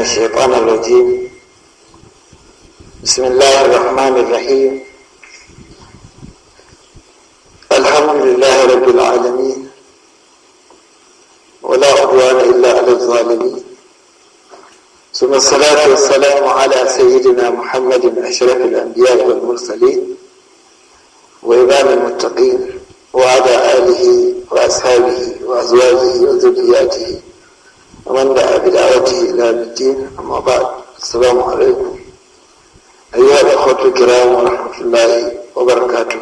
من الشيطان الرجيم بسم الله الرحمن الرحيم الحمد لله رب العالمين ولا عدوان إلا على الظالمين ثم الصلاة والسلام على سيدنا محمد أشرف الأنبياء والمرسلين وإمام المتقين وعلى آله وأصحابه وأزواجه وذرياته إلى وجه إلى الدين أما بعد السلام عليكم أيها الأخوة الكرام ورحمة الله وبركاته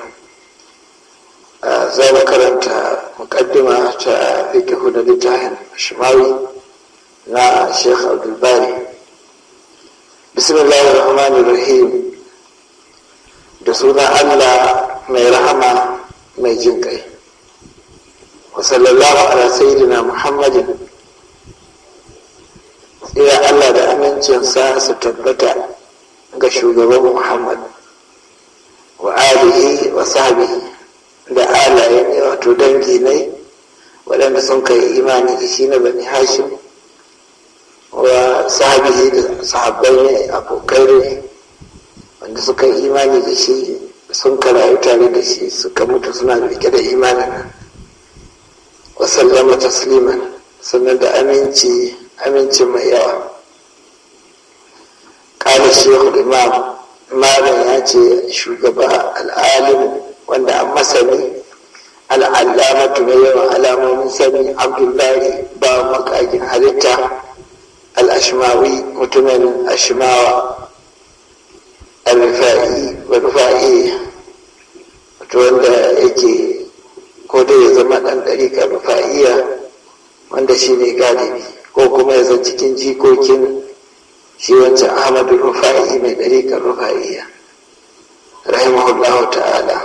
za mu karanta mukaddima ta fikihu da littafin shimawi na sheikh abdulbari bismillahir rahmanir rahim da suna allah mai rahama mai jin kai wa sallallahu ala ya Allah da amincinsa su tabbata ga shugaban Muhammad wa alihi wa sahbi da alaye ne wato dangi ne waɗanda sun kai imani da shi na bani hashim wa sahabihi da sahabbai ne abokai ne wanda suka yi imani da shi sun karayi tare da shi suka mutu suna rike da imanin wa sallama tasliman sannan da aminci aminci mai yawa kala shehu imam malam ya ce shugaba al'alim wanda an masani al'allamatu mai yawan alamomin sani abdullahi ba makagin halitta al'ashimawi, mutumin ashimawa. al-rufa'i wa rufa'i wato wanda yake ko dai ya zama ɗan ka rufa'iya wanda shi ne galibi ko kuma ya zan cikin jikokin shi wancan ahmadu rufa'i mai ɗarikar rufa'iya rahimahullahu ta'ala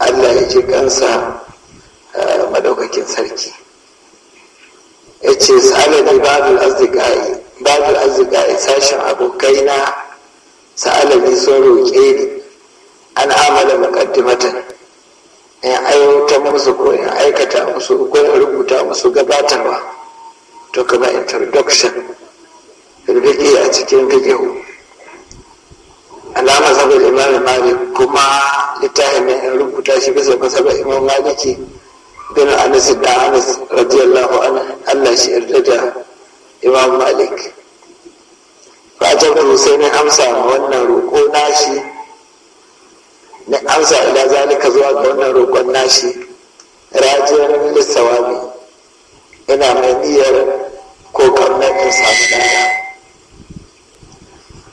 allah ya ji kansa madaukakin sarki ya ce sa'alani babul azdiqai babul azdiqai sashen abokaina sa'alani sun roƙe ni an amala muqaddimatan in aiwata musu ko in aikata musu ko in rubuta musu gabatarwa to kama introduction firfiƙi a cikin fiƙihu alama saboda imanin malik kuma littafin mai yan rubuta shi bisa kusa ba imam maliki bin anas da anas radiyallahu an allah shi yarda da imam malik a ku sai na amsa ma wannan roƙo nashi na amsa ila zalika zuwa ga wannan roƙon nashi rajiyar ne, ina mai niyyar ko kamar in sami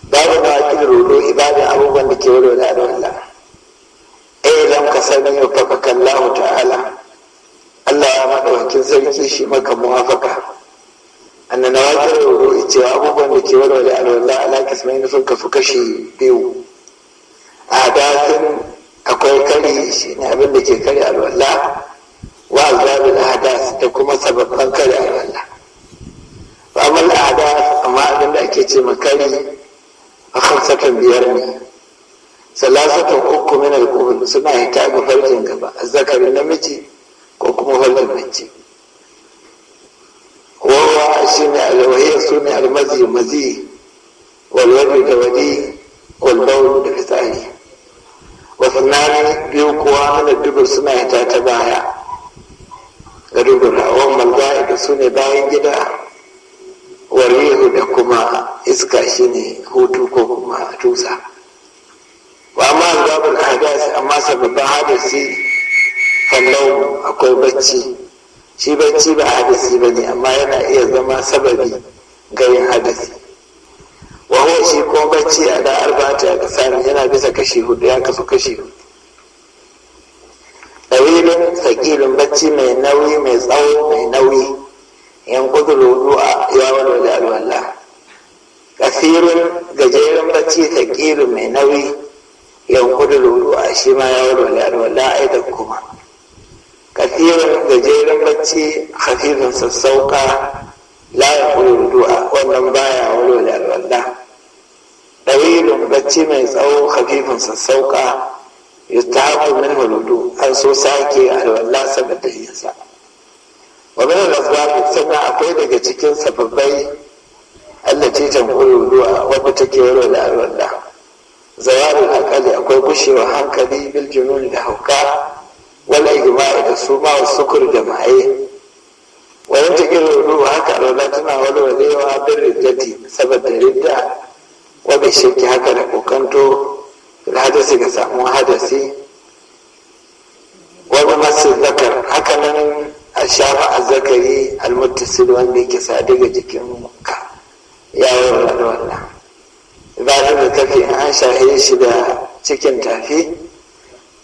daya babu na da rodo ibadin abubuwan da ke wuri da Allah eh lam kasani wa faqaka Allah ta'ala Allah ya madaukakin sarki shi maka muwafaka anna na wakil rodo cewa abubuwan da ke wuri da Allah ala kasmai sun kafu kashi biyu a dakin akwai kari shi ne abin da ke kari alwala wa azabin hadas da kuma sababban kari alwala ba mal ada amma abin da ake ce makari a hamsatan biyar ne salasatan uku min alkubul suna hita ga farjin gaba a zakarin namiji ko kuma farjin mace wawa shi ne alwahiyar su ne almazi mazi walwadi da wadi walbaulu da fitsari wasu nani biyu kuwa mana dubur suna hita ta baya ga dubur hawan malba'i da su ne bayan gida warwihu da kuma iska shi ne hutu ko kuma tusa ba ma zabul ahdas amma sababbin hadasi kallon akwai bacci shi bacci ba hadasi ba ne amma yana iya zama sababi ga yin hadasi wa shi ko bacci a da ta yaka kasani yana bisa kashi hudu ya kasu kashi hudu ɗawilin sakilin bacci mai nauyi mai tsawo mai nauyi yankudu rudu'a ya walwala alwala kasirin gajeren bacci takirin mai nauyi yankudu rudu'a shi ma ya walwala alwala aidan kuma kasirin gajeren bacci hafifin sassauka la yankudu rudu'a wannan baya walwala alwala ɗawilin bacci mai tsawo hafifin sassauka yustahabu min huludu an so sake alwala saboda yinsa wani da zafi sannan akwai daga cikin sababbai allaci jamhurin ruwa wadda take yaro da alwanda zawarin Alƙali akwai gushewa hankali bil da hauka wala igma'i da su ma sukur da maye wani ta girin ruwa haka alwala tana yawa bin riddati saboda ridda wadda shirki haka da kokanto da hadasi ga samun hadasi wani masu zakar hakanan a shafa a zakari almuttasil wanda yake sa daga jikin ka ya warware da wannan ba da kafi an shahe shi da cikin tafi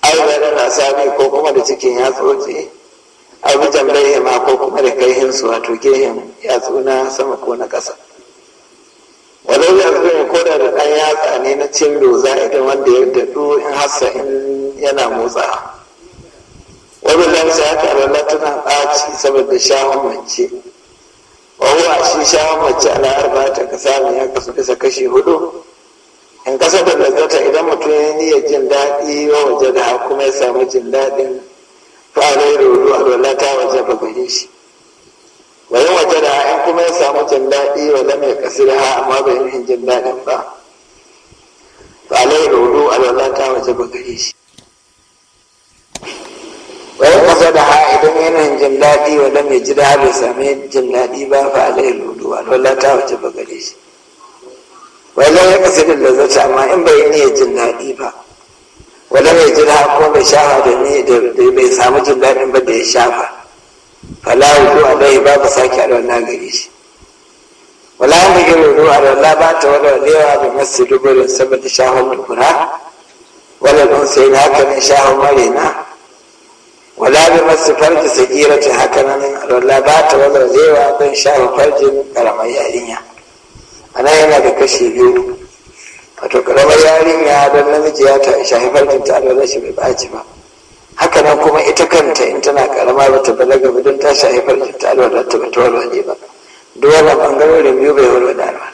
aibara na sami ko kuma da cikin a abu jambai ma ko kuma da kaihin su wato gehen yatsu na sama ko na ƙasa walau ya zuwa ko da da ɗan yatsa ne na cin doza idan wanda ya daɗu in hassa in yana motsa wani lansa ya lalata tana ɓaci saboda shawon mace a shi shawon mace ana harba ta kasa ne ya kasu bisa kashi hudu in kasa da lazata idan mutum ya niyyar jin daɗi wa waje da kuma ya samu jin daɗin fa'alai rudu a lalata waje ba gani shi wani waje da in kuma ya samu jin daɗi wa lam ya kasu da ha amma bai yi jin daɗin ba fa'alai rudu a lalata waje ba gani shi wai kasa da ha idan yana jin daɗi wanda mai ji da bai sami jin daɗi ba fa a zai ludu wala ta wace ba gare shi wai zai ya kasa da lazata amma in bai niyyar jin daɗi ba Wanda mai ji da ko mai shafa da ni da bai samu jin daɗin ba da ya shafa fala zai ba babu sake alwala gare shi wala ya yi a lalla ba ta lewa da masu da saboda shahon mulkura wala don sai na haka ne mare na. wala bi masu farji sagirati haka nan rola ba ta zewa don shafa farjin karamar yarinya a nan yana da kashe biyu wato karamar yarinya don namiji ya ta shafi farjin ta alwala shi bai baci ba haka nan kuma ita kanta in tana karama ba ta balaga ba don ta shafi farjin ta alwala ta bata ta ba duk wannan bangarorin biyu bai walwala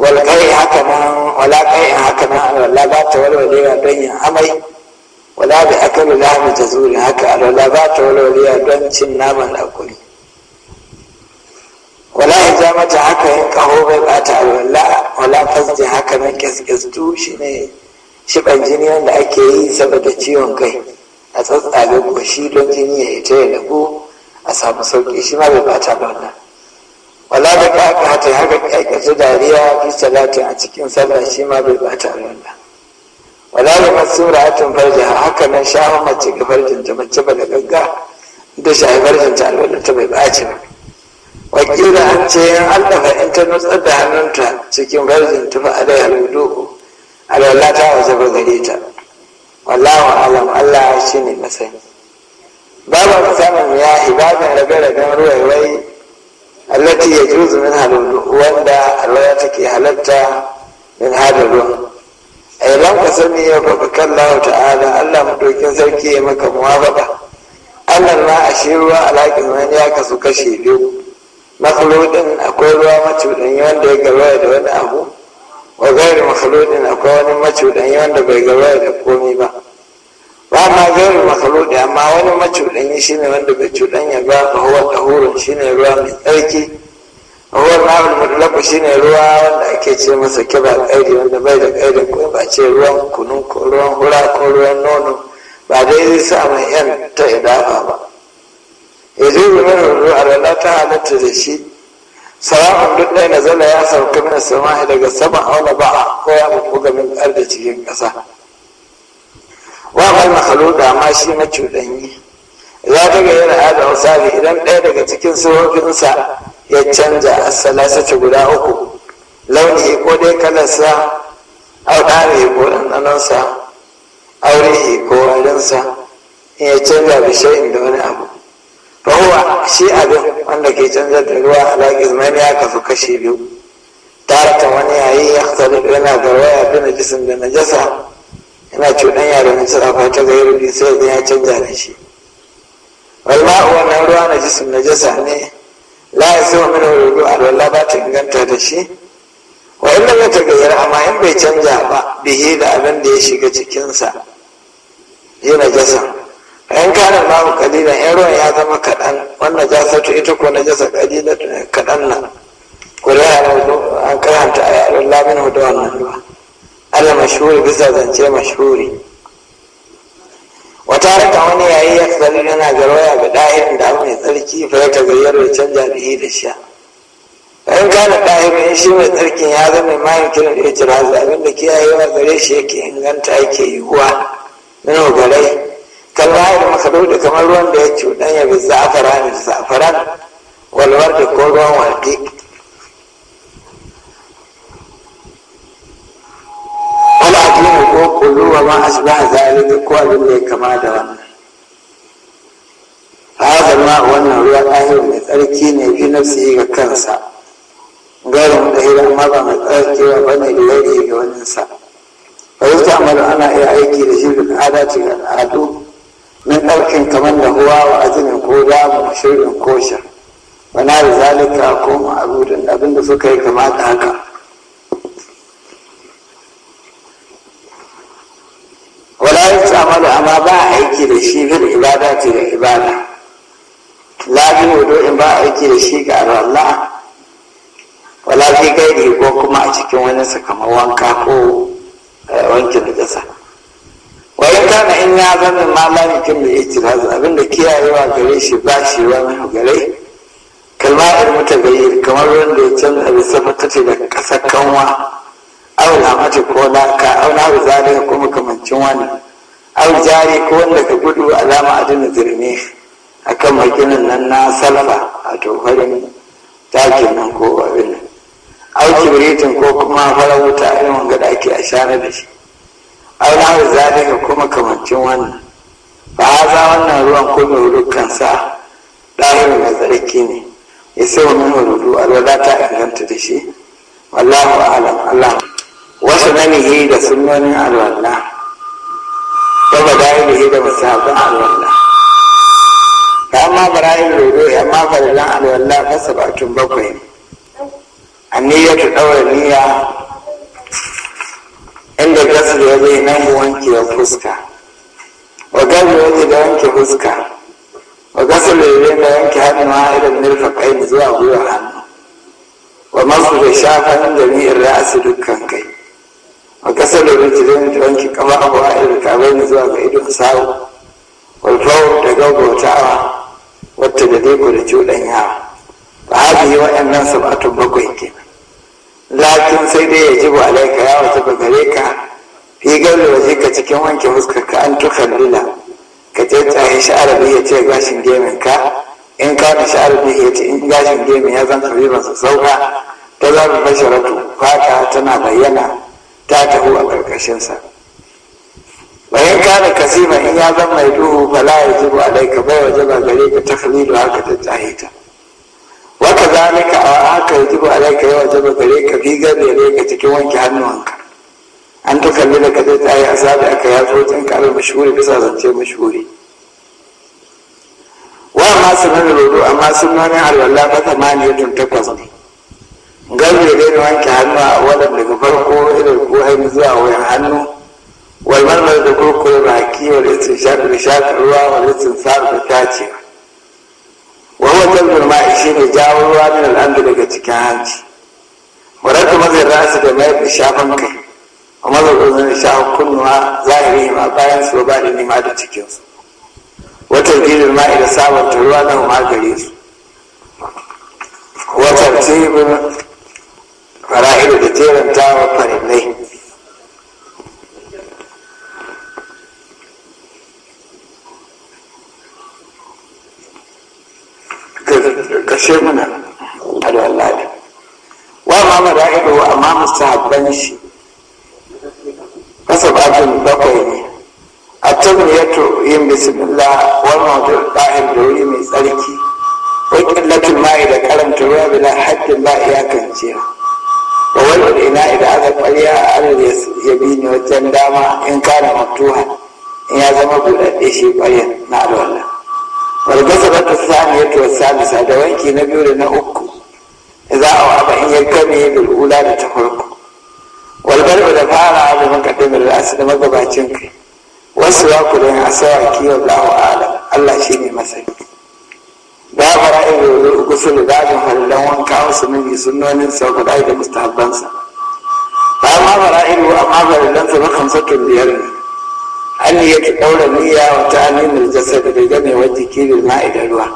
wala kai haka nan kai haka nan alwala ba ta walwale ba don yin amai wala bi akalu ta jazuri haka alwala ba ta walwaliya don cin naman akuri wala mata haka yin kaho bai bata alwala wala fasdi haka nan du shi ne shiban jini wanda ake yi saboda ciwon kai a tsatsaga goshi don jini ya ita ya dago a samu sauki shi ma bai bata alwala wala da ka haka haka kyakkyasdu dariya fi salatin a cikin sallah shi ma bai bata alwala wala ya masu ra'atun farji a haka nan shafa mace ga farjin ta mace ba da gagga da shafi farjin ta alwala ta bai ɓaci ba wakila an ce yan allafa in ta da hannunta cikin farjin ta fa alai alwudu alwala ta wasu ba gare ta wallahu alam allah shi ne masani babu samun yahi babu rabe ruwaiwai allati ya juzu min halulu wanda alwala take halatta min hada ruwan Eh, ai ran ka sani ya faɗi kallahu ta'ala Allah maɗokin sarki ya maka muwafaka Allah ma a shi ruwa alaƙin wani ya kasu kashe biyu makhludin akwai ruwa macuɗanyi wanda ya garwaya da wani abu wa gairi makhludin akwai wani macuɗanyi wanda bai garwaya da komi ba ba ma gairi makhludi amma wani macuɗanyi shine wanda bai cuɗanya ba fa huwa tahurun shine ruwa mai tsarki ruwan ma'ul mutlaku ne ruwa wanda ake ce masa kiba kairi wanda bai da kairi ko ba ce ruwan kunu ko ruwan hura ko ruwan nono ba dai zai sa mai yan ta idafa ba ya zo bi mana ruwa lalata ta halatta da shi sawa'un duk ɗaya nazala ya sauka mana sama'i daga sama auna ba'a ko ya buga min ƙar da cikin ƙasa wa mai mahaluda ma shi na cuɗanyi ya daga yana ada misali idan ɗaya daga cikin sufofinsa ya canja asalasata guda uku launi ko dai kalarsa au ɗari ko ɗanɗanonsa aure ko warinsa in ya canja bishayin da wani abu fahuwa shi abin wanda ke canza da ruwa alaƙis mani ya fi kashi biyu tarata wani yayi ya tsari yana fi na najisin da najasa yana cuɗanya da najasa ta gairu sai ya canja da shi walma'u wannan ruwa na na najasa ne la ya sai min rubu alwala ba ta inganta da shi wa in lam yataghayyar amma in bai canja ba bihi da abin da ya shiga cikinsa sa na jasa in kana ma kalilan yan ruwan ya zama kaɗan wannan jasatu ita ko na kalila kadan nan ko an karanta a a labin hudu wannan ruwa ala mashuri bisa zance mashuri wata raka wani yayi ya tsari yana garwaya ga ɗahirin da mai tsarki fa ta tagayyar da canja yi da sha in gane ɗahirin in shi mai tsarkin ya zama mai kiran da ya jira abin da kiyayewa gare shi yake inganta yake yiwuwa na nogarai kalmahir da kamar ruwan da ya cuɗanya bi za'afaran da za'afaran walwar da ko ruwan wardi wani ne yanzu wa ma a zalika ko abin da ya kama da wannan hada ma wannan ruwa ɗahir mai tsarki ne fi nafsi ga kansa Garin da hira amma ba mai tsarki ba ne da yi ga waninsa ba yi ta amalu ana iya aiki da shirin adati ga al'adu na ɗaukin kamar da huwa wa ajinin ko damu shirin kosha wana da zalika ko ma'abudin abinda suka yi kamata haka wala ya tsamalu amma ba a aiki da shi bil ibada ce ga ibada la bi in ba a aiki da shi ga Allah wala fi gairi ko kuma a cikin wani sakamakon wanka ko eh, wankin da jasa wani kana in ya zama malami kin da itiraz abinda kiyayewa gare shi ba shi wani gare kalmar mutagayyir kamar wanda ya canza bisa fatata da ƙasar kanwa aula mace ko ka aula abu zalika ko makamancin wannan au jari ko wanda ka gudu alama adina zirne. a kan maginin nan na salfa a tofarin takin nan ko abin nan au kibritin ko kuma farar wuta irin wanga da ake ashara da shi au na hau zalika kuma kamancin wannan ba za wannan ruwan ko mai wurukan sa ɗahiri na zarki ne ya sai wani a alwala ta inganta da shi wallahu alam allah wasu yi da sunnonin alwallah da yi da musahabin alwallah da amma bara'in lodo ya amma farilan alwallah fasa batun bakwai niyyar ta ɗaura niyya inda gasar da zai nan mu ya fuska wa da wani da wanke fuska wa gasar lebe da wanke hannu ma irin nirfa kai zuwa gwiwa hannu wa masu da shafa jami'in ra'asi dukkan kai a ƙasar da rijiyar ta wanke kama abu a irin kamar zuwa ga idon sawu walfawar da gaba wata da da cuɗan yawa ba haɗu yi waɗannan sabatun bakwai ke. lakin sai dai ya ji a alaika ya wata ba gare ka figar da waje ka cikin wanke fuskar ka an tukan lila ka je tsaye sha'arabi ya ce gashin gemin ka in ka da sha'arabi ya ce in gashin gemin ya zan ba su sauka ta zaɓi ratu, fata tana bayyana ta taho a ƙarƙashinsa bayan kana kasima in ya zama mai duhu Bala ya jibu alaika bai waje ba gare ka takhlilu haka ta tsahita Wata zalika a haka ya jibu alaika ya waje ba gare ka bi gare ka cikin wanke hannuwanka an ta kalli da ka zai tsaye a sabi aka ya zo tun karar mashuri bisa zance mashuri wa ma sunan rodo amma sunanin alwala ba ta maniyatun takwas ne gami da daina wanke hannu a wadanda daga farko irin kohani zuwa wayan hannu Walmar walmarmar da kurkure baki wa rikin shafi da shafin ruwa wa rikin sa'ar da tace Wani wajen gurma shi ne jawo ruwa min al'adu daga cikin hanci wadanda mazin rasu da mayar da shafin kai a mazan gudun shafin kunnuwa zahiri ma bayan su ba da nima da cikinsu wata girin ma'i da sabon ruwa na umar gare su wata tebur fara'ilu da jeranta wa farillai kashe muna alwallahi wa ma wa amma musahabban shi kasabatun bakwai ne a tabniyatu yin bismillah wal mawdu' da'im da wuri mai tsarki wa qillatul ma'i da karanta ruwa bila haddin ba iyakanciya wa ina idan aka kwalliya a alal ya bi ni wajen dama in kana mutuwa in ya zama buɗaɗɗe shi kwariya na alwala walgasa ba ta sami ya tuwa samisa da wanki na biyu da na uku za a waba in ya gami ula da ta farko walbar da fara da mai rasu da magabacin kai wasu wa kudin asawaki wallahu alam allah shi ne masani ba fara in yanzu uku su da zaɓin halilan wanka yi miji sunnonin sa guda da mustahabbansa ba ma fara in yi amma bakan sakin biyar ne an yi yake ɗaura niyya wata alimin jasa da ganewar jiki da ma'idar ruwa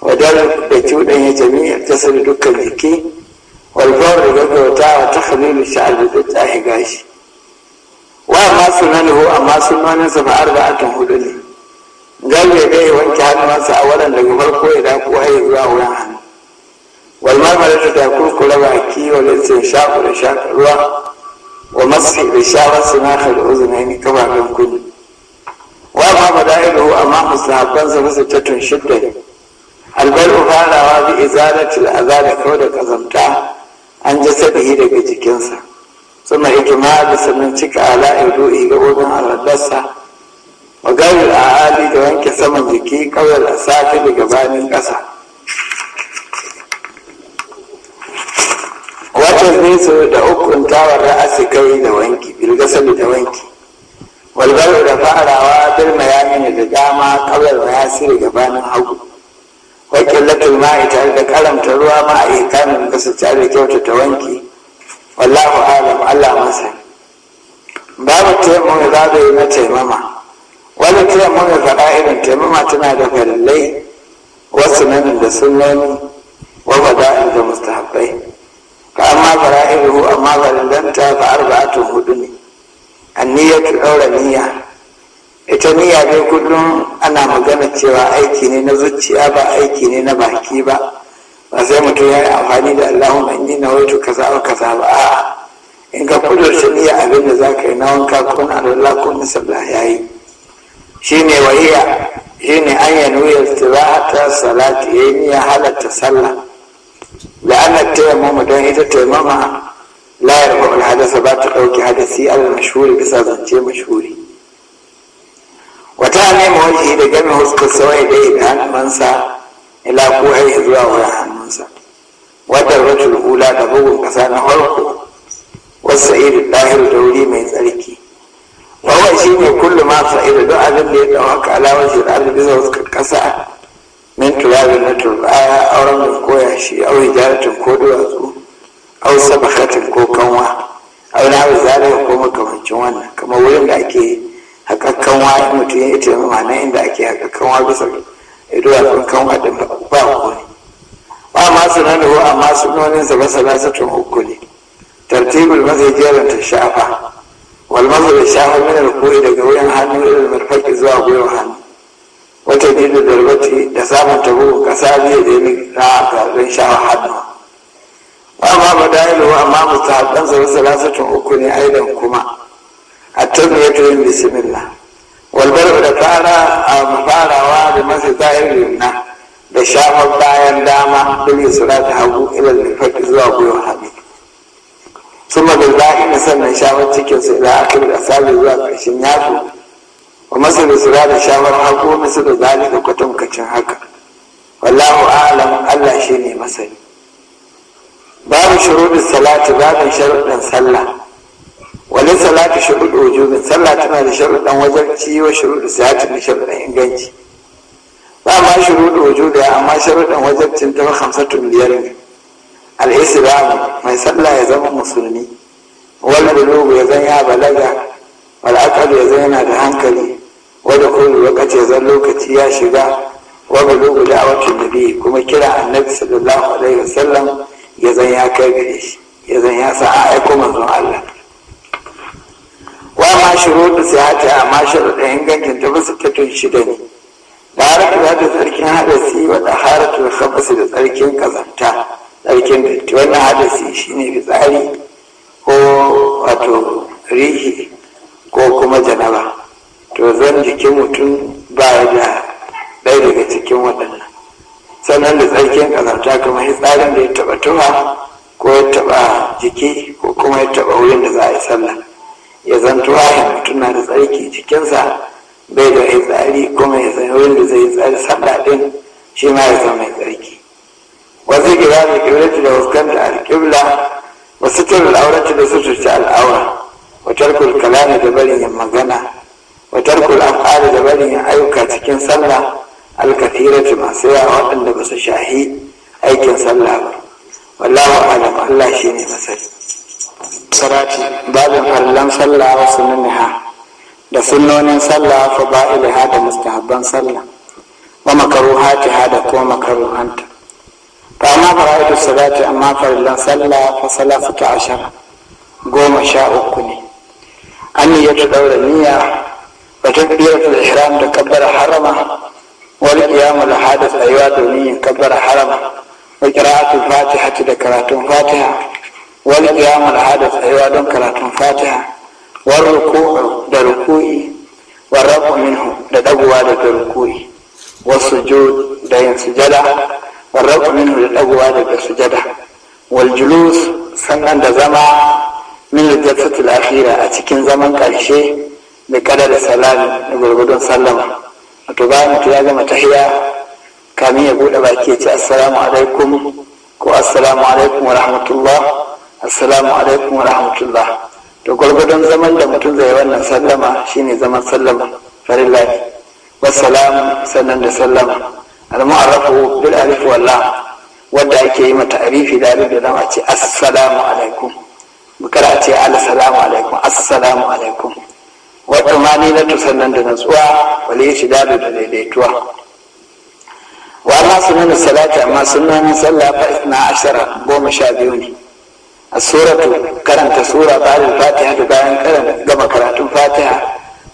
wadar da cuɗanya jami'ar jasa da dukkan jiki walfawar da gaggauta ta khalilu sha'ar da duk ta gashi wa ma sunanahu amma sunanansa ba arba'atun hudu ne zai ga ya wanke hannunsa a wannan daga farko ya dako har yi zuwa wurin hannu walmar mara ta kurkura baki wa lissa shafu da shafa ruwa wa masu da shafar sinakar da kama kababen kudu wa ma ido amma musahabansa musu ta tun shidda albar'u farawa bi izalatil da kawai da kazanta an ji sabihi daga jikinsa suna hikima da sannan cika ala'ir ga gabobin aladarsa a hali da wanke saman jiki kawai a safi da gabanin ƙasa watan nesa da ukun tawar ra'asi kai da wanki bilgasali da wanki walbar da farawa bil mayamini da dama kawai mayasiri gabanin hagu wakil latul ma'i tare da karanta ruwa ma a ikanin kasa tare kyauta ta wanki wallahu alam allah masani babu taimu za da yi na taimama wani kira muka faɗa irin taimama tana da farillai wasu nan da sunnoni wa da'in da mustahabbai fa fara ma amma farillanta fa arba'atun hudu ne ta ɗaura niyya ita niyya dai kullum ana magana cewa aiki ne na zuciya ba aiki ne na baki ba ba sai mutum ya yi amfani da yi inni nawaitu kaza wa kaza ba a in ka kudurta niyya abin da za ka yi na wanka kuna na alwala ko na sallah yayi shine wa hiya shine an yanwi istibahata salati yayin ya halatta sallah la'anna tayammum don ita tayammama la yarfa al hadasa ba ta dauki hadasi al mashhuri bisa zance mashhuri wata ne mawaji da gami huskar sawai da ita hannunsa ila kuhai zuwa wurin hannunsa wadda rajul hula da bugun kasa na farko wasu irin ɗahir da wuri mai tsarki wa shi ne kullum ma fa'ida don abin da ya dawaka alawar shi da abin da wasu kasa min turabi na turbaya auren da koya shi au jaratin ko duwatsu au sabakatin ko kanwa au abin wa ya koma kamancin wannan kamar wurin da ake haƙaƙƙan kanwa mutum ya ita yamma na inda ake haƙaƙƙan kanwa bisa kan kanwa da ba ne ba ma nan da amma sunoninsa ba lasa tun hukuni. tartibul mazai jeranta shafa walmazu da sha min alkuri daga wurin hannu ilil marfaki zuwa gwiwa hannu wata gidu da rubati da samun tabo kasa biyu da yi na garin shafa hannu wa amma ba dalilu amma mustahabban sa wasu lasatun uku ne aidan kuma a tabbiyatu yin bisimila. walbar da fara a farawa da masu zahir yumna da shafar bayan dama bil yusra ta hagu ilal marfaki zuwa gwiwa hannu Suma da sun magaza'ina sannan shawar su da aka da asabi zuwa ƙarshen yatsu wa masu da sura da shawar haƙo masu da zali da kwatankwacin haka wallahu alam allah shi ne masani babu shuruɗin salati babin sharuɗin sallah wani salati shuruɗin wujubin sallah tana da sharuɗin wazarci wa shuruɗin salati da sharuɗin inganci ba ma shuruɗin wujubin amma sharuɗin wazarcin ta hamsatun biyar ne al mai sallah ya zama musulmi da lugu ya zan ya balaga wal aqal ya zan yana da hankali wanda kuma lokaci ya zan lokaci ya shiga da bulugu da nabi kuma kira annabi sallallahu alaihi wasallam ya zan ya kai gare shi ya zan ya sa a aiko manzon Allah wa ma shuruɗu sihati amma sharuɗin ingancin ta basu ta tun shida ne da haratu da tsarkin hadasi wa da haratu da da tsarkin kazanta tsarkin datti wannan hadasi shine fitsari ko wato rihi ko kuma janaba to zan jikin mutum ba da ɗaya daga cikin waɗannan sannan da tsarkin ƙazanta kamar fitsarin da ya taɓa tuwa ko ya taɓa jiki ko kuma ya taɓa wurin da za a yi sallah ya zanto ahin mutum na da tsarki jikinsa bai da tsari kuma ya zai wurin da zai yi tsari sallah ɗin shi ma ya zama mai tsarki wanzu gidami kiblati da fuskanta alƙibla wasu tirin aurati da suturta al'aura watar kulkalami da barin yin magana watar kul'amfani da barin yin ayyuka cikin sallah alkatirati masu yawa waɗanda ba su shahi aikin sallah ba wallahu alam allah shi ne masari sarati babin farlan sallah wa sunaniha da sunnonin sallah fa ba'ilaha da mustahabban sallah wa makaruhatiha da kuma makaruhanta ta ma fara'idu salati amma farillan sallah fasala salatu ashara goma sha uku ne an yi ta daura niyya wa takbiratul ihram da bar harama wal qiyamu da hadath aywa domin yin kabbara harama wa qira'atul fatiha da karatun fatiha wal qiyamu da hadath aywa don karatun fatiha da da wasu sujud sujada والروع منه للأبواب sujada. والجلوس سنن da zama min al akhira a cikin zaman karshe da kadar salami da gurgudun sallama wato bayan mutu ya gama tafiya. kamin ya bude baki ya ce assalamu alaikum ko assalamu alaikum wa rahmatullah assalamu alaikum wa rahmatullah to gurgudun zaman da mutum zai wannan sallama shine zaman sallama farilla wassalamu sannan da sallama al-mu'arrafu bil alif wanda ake yi mata arifi da da zama ce assalamu alaikum bukara ce assalamu alaikum assalamu alaikum wata mani na tusannan da natsuwa wale shi da da daidaituwa wa ma sunan salati amma sunan sallah fa isna ashara goma sha biyu ne a suratu karanta sura fatiha da bayan gama karatun fatiha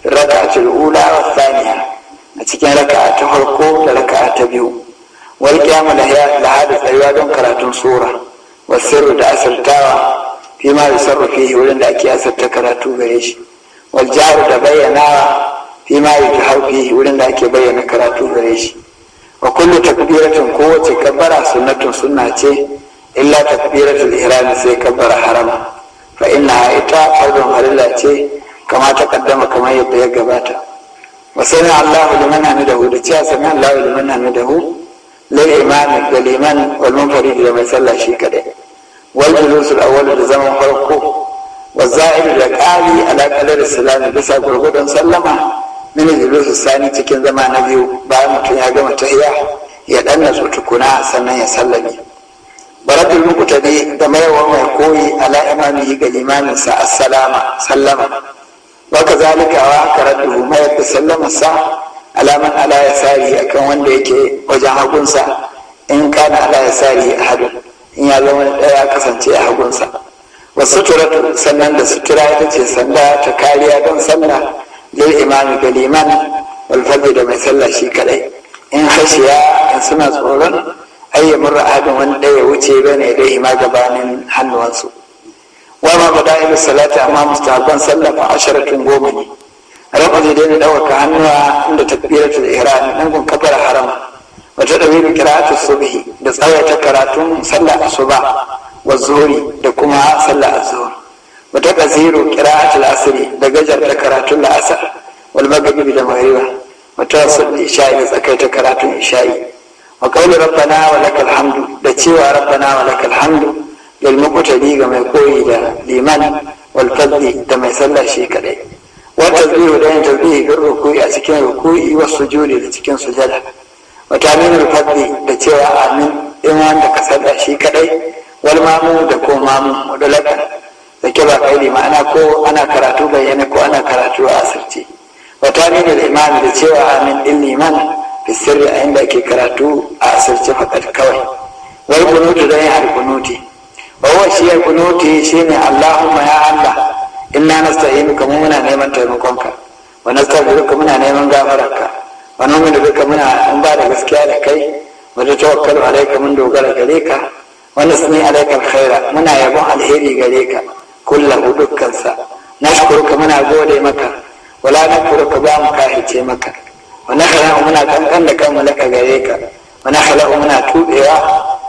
rakatul ula wa a cikin raka'a ta farko da raka'a ta biyu wal qiyamu laha tsayuwa don karatun sura wasirru da asaltawa fi ma yusarrufi wurin da ake asarta karatu gare shi wal jaru da bayyanawa fi ma yutaharfi wurin da ake bayyana karatu gare shi wa kullu takbiratin kowace kabbara sunnatun sunna ce illa takbiratul ihram sai kabbara harama fa inna ita fardun halalla ce kama ta kaddama kamar yadda ya gabata wa Allahu liman hamidahu da a sami Allahu liman hamidahu lil imam da liman wal da mai sallah shi kadai wal julus al awwal da zaman farko wa za'ir da qali ala qadar salam bisa gurgudan sallama min julus sani cikin zama na biyu bayan mutum ya gama tahiyya ya dan natsu tukuna sannan ya sallame baradul ne da mai mai koyi ala imamihi ga limaminsa assalama sallama baka zalika wa aka rabu mayar da sallama sa alaman ala ya akan wanda yake wajen hagunsa in kana ala ya a hadu in ya zama ɗaya kasance a hagunsa wasu turatu sannan da sutura ita ce sanda ta kariya don sallah lil imami da liman walfazi da mai sallah shi kadai in hashiya in suna tsoron ayyamin ra'adin wani daya wuce bane da hima gabanin hannuwansu wa ma bada'il salati amma mustahabban sallah fa tun goma ne rafa ne dai ɗaukaka hannuwa inda ta takbiratul ihram nan gun kabar harama wata dabiru qira'atu subhi da ta karatun sallah su ba wa zori da kuma sallah azhur wata qaziru qira'atul asri da gajarta karatun la'asar wal maghribi da ba wata sun isha'i da tsakaita karatun isha'i wa qawli rabbana wa lakal hamdu da cewa rabbana wa lakal hamdu da mai koyi da liman walkalli da mai sallah shi kaɗai wata biyu da yin tarbiyyar bin rukuri a cikin rukuri wasu juri da cikin sujada wata min rukuri da cewa amin iman da ka sallah shi kaɗai wal mamu da ko mamu da lakar da kira kai ma'ana ko ana karatu bayyana ko ana karatu a asirci wata min liman da cewa amin din liman da sirri a inda ake karatu a asirci fakat kawai wal kunutu da yin harkunuti wa shi ya shi ne Allahumma ya Allah inna yi mu muna neman taimakonka wa muka muna neman gafararka wa da duka muna an ba da gaskiya da kai wa tawakkalu alayka mun dogara gare ka wa nasni alayka alkhaira muna yabon alheri gare ka kullahu dukkan sa shukurka muna gode maka wala ka ba mu kahice maka wa nakhla muna kankan da kanmu laka gare ka wa muna tubewa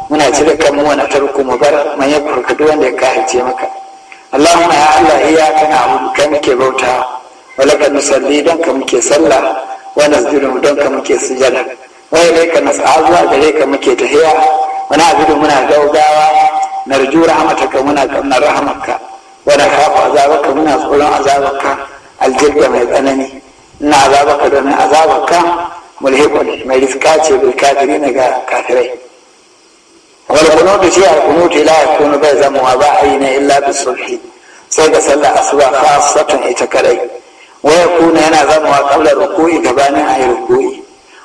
muna cire mu wani tarku mu bar man ya kurka duk wanda ya kahace maka Allahumma ya Allah iya kana abu kai muke bauta walaka nusalli don ka muke sallah wa nasjudu don ka muke sujada wa ilayka nas'alu gare ka muke tahiya wani abu muna gaugawa narju rahmataka muna kamnar rahmatka wa nakhafu azabaka muna tsoron azabaka aljidda mai tsanani ina azabaka domin azabaka mulhiqul mai riska ce bil kafirin ga kafirai والقنوط فيها القنوط لا يكون بي زمها باعين إلا بالصبح سيدة صلى أصبع خاصة إتكالي ويكون هنا زمها قبل الركوع كبانا أي ركوع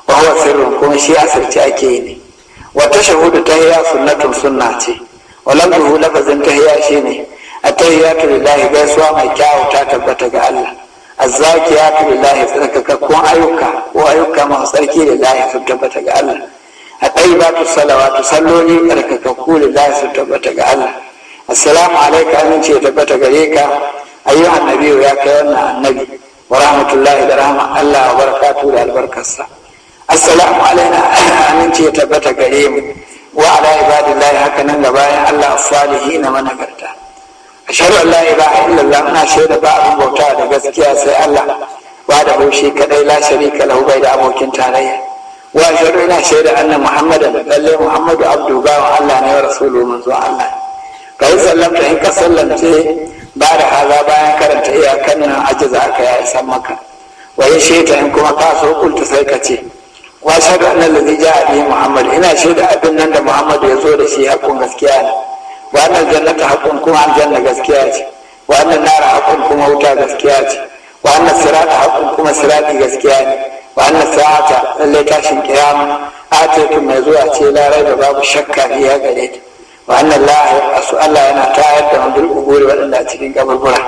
وهو سر كون شيئا أسر تأكيني والتشهد تهيا سنة سناتي ولمده لفظ تهيا شيني التهيات لله بيسوا ما يكاو تاتبتك الله الزاكيات لله فلك كون أيوكا وأيوكا ما صركي لله فلتبتك الله akwai ba ta salawa ta salloli tsarkakakku za su tabbata ga Allah assalamu alaika amince ya tabbata gare ka ayyuhan annabi ya kai wannan annabi wa rahmatullahi da rahma Allah wa barakatu da albarkarsa assalamu alaina amince ce tabbata gare mu wa ala ibadillahi haka nan ga bayan Allah as-salihin managarta ashhadu an la ilaha illallah ana shaida ba abin bauta da gaskiya sai Allah ba da haushi kaɗai, la sharika lahu bai da abokin tarayya wa shaɗu ina shaida annan muhammadu da ɗalle muhammadu abdu Bawa, allah ne wa rasulu manzo allah ka yi sallamta in ka sallamce ba da haza bayan karanta iyakan nan ajiza aka ya isan maka wa yi shaita in kuma ka so kulta sai ka ce wa shaɗu annan lazi ja abi muhammadu ina shaida abin nan da muhammadu ya zo da shi hakkun gaskiya ne wa annan jannata hakkun kuma aljanna gaskiya ce wa annan nara hakkun kuma wuta gaskiya ce wa annan sirata hakkun kuma sirati gaskiya ne wa annas sa'ata lalle tashin kiyama atatu mai zuwa ce larai da babu shakka biya gare ta wa annan lahi asu Allah yana tayar da hundul uburi waɗanda a cikin kaburbura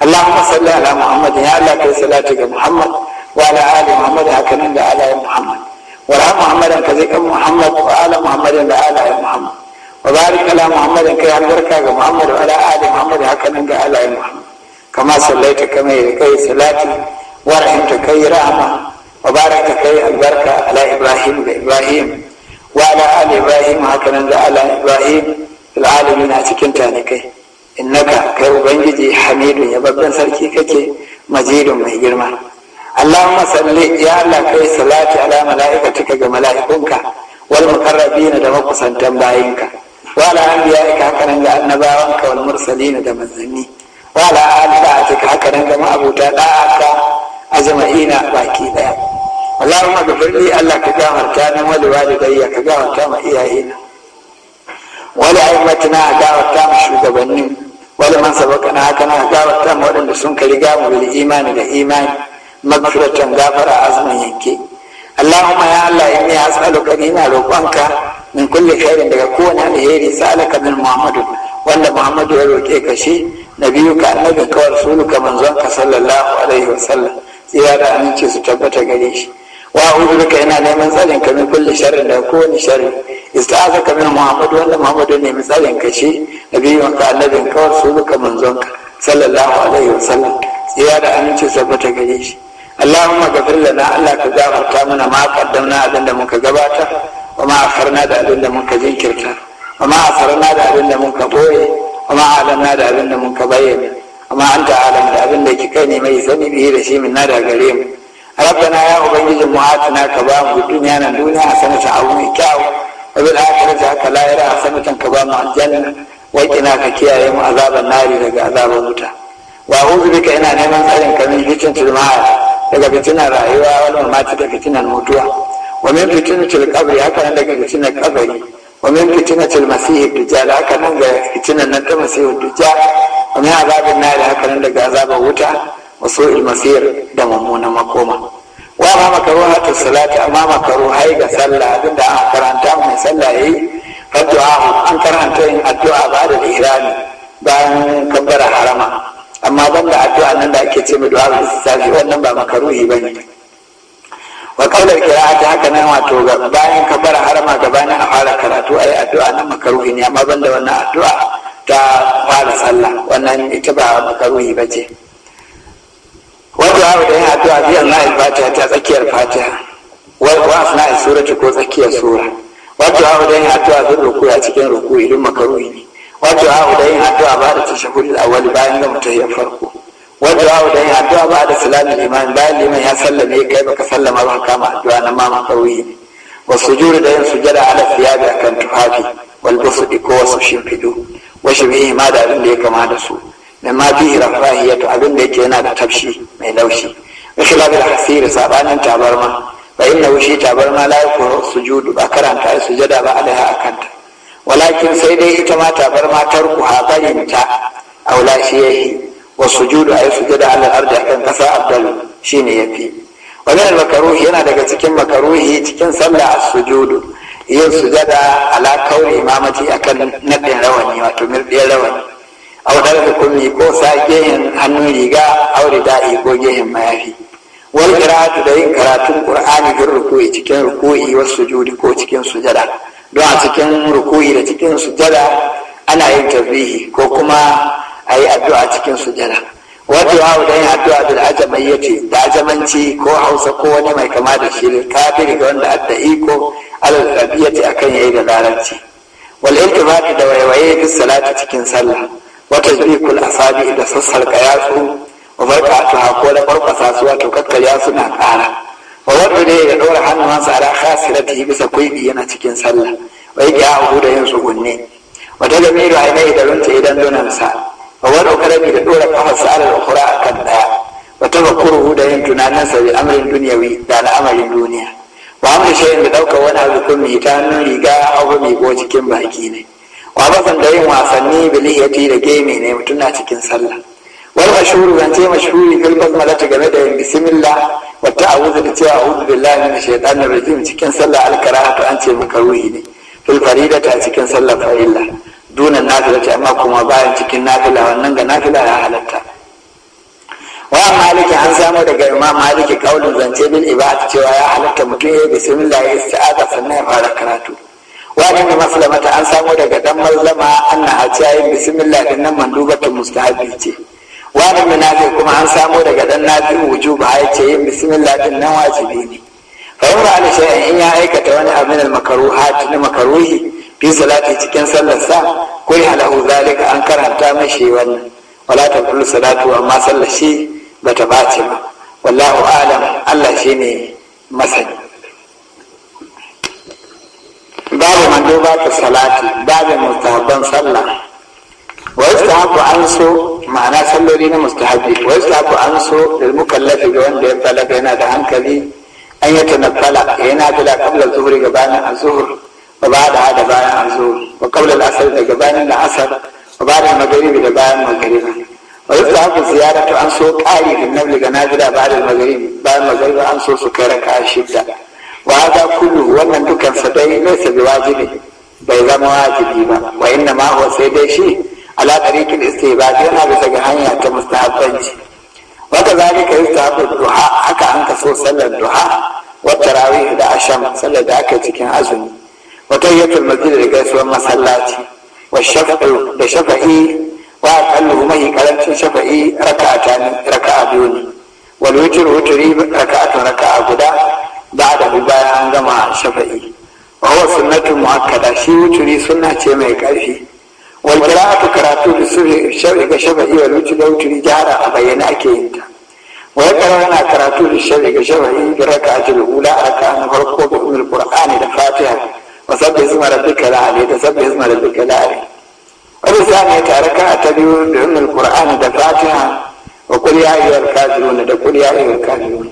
Allahumma salli ala Muhammad ya Allah kai salatu ga Muhammad wa ala ali Muhammad haka nan da ala Muhammad wa ala Muhammadan ka zai kan Muhammad wa ala Muhammadan da ala Muhammad wa barik ala Muhammadan kai albarka ga Muhammad wa ala ali Muhammad haka nan da ala Muhammad kama sallaita kama yi kai salati wa rahimta kai rahama وبارك كي البركة على إبراهيم إبراهيم وعلى آل إبراهيم هكذا على إبراهيم العالمين أتكنت تانكي إنك كأبنجي حميد يبقى سركي كتي مجيد من جرمان اللهم صل يا الله كي صلاة على ملائكتك وملائكتك والمقربين دمك سنتم باينك وعلى أنبيائك هكذا النباوانك والمرسلين دم الزني وعلى آل باعتك هكذا ما أبو تلاعك ajma'ina baki daya Allahumma gafirli Allah ka gawarta min wal walidayya ka gafarta ma iyayena wal a'immatina ka gafarta ma shugabannin wal man na haka na gafarta ma waɗanda sun ka riga mu imani da imani magfiratan gafara azumin yanke Allahumma ya Allah inni as'aluka na roƙonka min kulle khairin daga kowane alheri sa'alaka min Muhammadu wanda Muhammadu ya roƙe ka shi nabiyuka annabinka wa rasuluka manzonka sallallahu alaihi wa sallam tsira da aminci su tabbata gare shi wa a'udhu bika yana neman tsarin ka min kulle sharrin da kowane sharri ista'aza ka min muhammadu wanda muhammadu ne mai tsarin ka shi biyu ka annabin ka wasu duka manzon ka sallallahu alaihi wasallam tsira da aminci su tabbata gare shi Allahumma gafir lana Allah ka gafarta mana ma qaddamna abin da muka gabata wa ma akharna da abin da muka jinkirta wa ma asarna da abin da muka boye wa ma alanna da abin da muka bayyana amma an ta alam da abin da ke kai ne mai sani bihi da shi min na da gare mu rabbana ya ubangiji mu atina ka ba mu duniya nan duniya a sanata abu mai kyau wa bil akhirati haka lahira a sanatan ka ba mu aljanna wa kina ka kiyaye mu azaban nari daga azaban wuta wa a'udhu bika ina neman tsarin kan fitin tilma'a daga fitinan rayuwa wal mamati da fitinan mutuwa wa min fitin qabri haka nan daga fitinar qabri ومن فتنة المسيح الدجال هكذا فتنة ننت مسيح الدجال ومن عذاب النار هكذا لك عذاب وتا وسوء المسير دممون مقوما وما مكروهة الصلاة أما مكروهة صلى عند أنت من صلى فالدعاء أنكر أنت الدعاء بعد الإهرام بان كبر حرما أما ظن الدعاء أن لا كتم دعاء الاستاذ وأنما مكروه بني wa kaular qira'ati haka nan wato ga bayan ka bar harama gabanin a fara karatu ai addu'a nan makaruhi ne amma banda wannan addu'a ta fara sallah wannan ita ba makaruhi bace wato abu da yin addu'a bi Allah al-Fatiha ta tsakiyar Fatiha wa asna surati ko tsakiyar sura wato abu da yin addu'a bi ruku a cikin ruku idan makaruhi ne wato abu da yin addu'a ba da tashahhudul awwal bayan ga mutahiyyar farko wanda babu da yi addu'a ba da salamin imam bayan liman ya sallame kai baka sallama ba kama addu'a na mama kauyi wa sujud da yin sujada ala siyabi akan tufafi wal busudi ko wasu shimfidu wa shibihi ma da abin da ya kama da su da ma bihi rafahiyatu abin da yake yana da tafshi mai laushi wa khilabil hasiri sabanin tabarma fa inna wushi tabarma la yakunu sujudu ba karanta ya sujada ba alaiha akanta walakin sai dai ita ma tabarma tarku ha a wula shi yi. wasujudu أي سجد على الأرض كان كسا أفضل ne يفي yana daga cikin دقا cikin sallah a صلى السجود yin sujada ala kauri imamati akan naɗin rawani wato mirɗiyar rawani aw da kulli ko sa gehen hannun riga aw dai ko gehen mayafi wal qira'atu da yin karatun qur'ani bin ruku'i cikin ruku'i wasu ko cikin sujada don a cikin ruku'i da cikin sujada ana yin tasbihi ko kuma a yi addu'a cikin sujada wato ya da yin addu'a bil ajamai yace da ajamanci ko hausa ko wani mai kama da shi kafiri ga wanda adda iko alal a akan yayi da laranci wal iltifati da waiwaye bis salati cikin sallah wa kul asabi da sassal qayasu wa barqatuha ko da barqasa su wato ya suna ƙara wa wato ne ya dora hannuwansa ala khasirati bisa kuibi yana cikin sallah wa yake da yin tsugunne wa tajmiru ainihi da runta idan donansa فولو كلامي لدورة كما سأل الأخرى كذا وتذكره دين تنانسا بأمر دنيوي دان عمل دنيا وعمل شيء بدوك وانا بكل هتان رجاء أو بيقوش كم باكيني وأبصا دين وعصني بليهتي لجيمي نمتنا تكين صلى والمشهور زنتي مشهوري في البسملة تجمد بسم الله والتعوذ بتي أعوذ بالله من الشيطان الرجيم تكين صلى الكراهة أنت مكروهيني في الفريدة تكين صلى فإلا dunan nafila ce amma kuma bayan cikin nafila wannan ga nafila ya halatta wa maliki an samu daga imam maliki kaulin zance bil ibad cewa ya halatta mutum ya bismillah ya aka sannan ya fara karatu wa inna maslamata an samu daga dan mallama anna hajiya yin bismillah din nan mandubatun mustahabi ce wa ibn nafi kuma an samu daga dan nafi wujuba ya ce yin bismillah din nan wajibi ne fa Ali ba shay'in in ya aikata wani abin al makruhat na makruhi fi salati cikin sa ko ya lahu zalika an karanta mashi wannan wala ta kullu salatu amma sallar shi ta bace ba wallahu alam Allah shi ne masani babu manduba ta salati babu mustahabban sallah wa yastahabu an so ma'ana salloli na mustahabi wa yastahabu an so lil mukallafi ga wanda ya balaga yana da hankali an yi tanaffala yana bila kabla zuhri gabanin azhur wa ba da da bayan azuri wa qabla al-asr da gabanin al-asr wa ba da maghribi da bayan maghribi wa yustahabu ziyaratu an so qari da nabli ga nazira ba da maghribi bayan maghribi an su kai raka shidda wa hada kullu wannan dukan sa dai laysa biwajibi bai zama wajibi ba wa inna ma sai dai shi ala tariqil istihbab yana bisa ga hanya ta mustahabbanci wa kadhalika yustahabu duha haka anka kaso sallar duha wata tarawih da a asham sallar da aka cikin azumi وتهية المسجد لقيس مسلاتي والشفع لشفعي وأقله مهي كلمة شفعي ركعة ركعة دون والوتر وتري ركعة ركعة قدا بعد بباية عندما شفعي وهو سنة مؤكدة شي وتري سنة مي كالفي والقراءة كراتو بسوري الشرع كشفعي والوتر وتري جارة أبين أكيد ويقرأ أنا كراتو للشرع كشفعي بركعة الأولى ركعة فرقه بأم القرآن لفاتحة masabbi isma da duka la'ali da sabbi isma da duka la'ali wani sa ne tare ka a ta biyu da umar qur'ani da fatiha wa kul ya ayyuhal kafirun da kul ya ayyuhal kafirun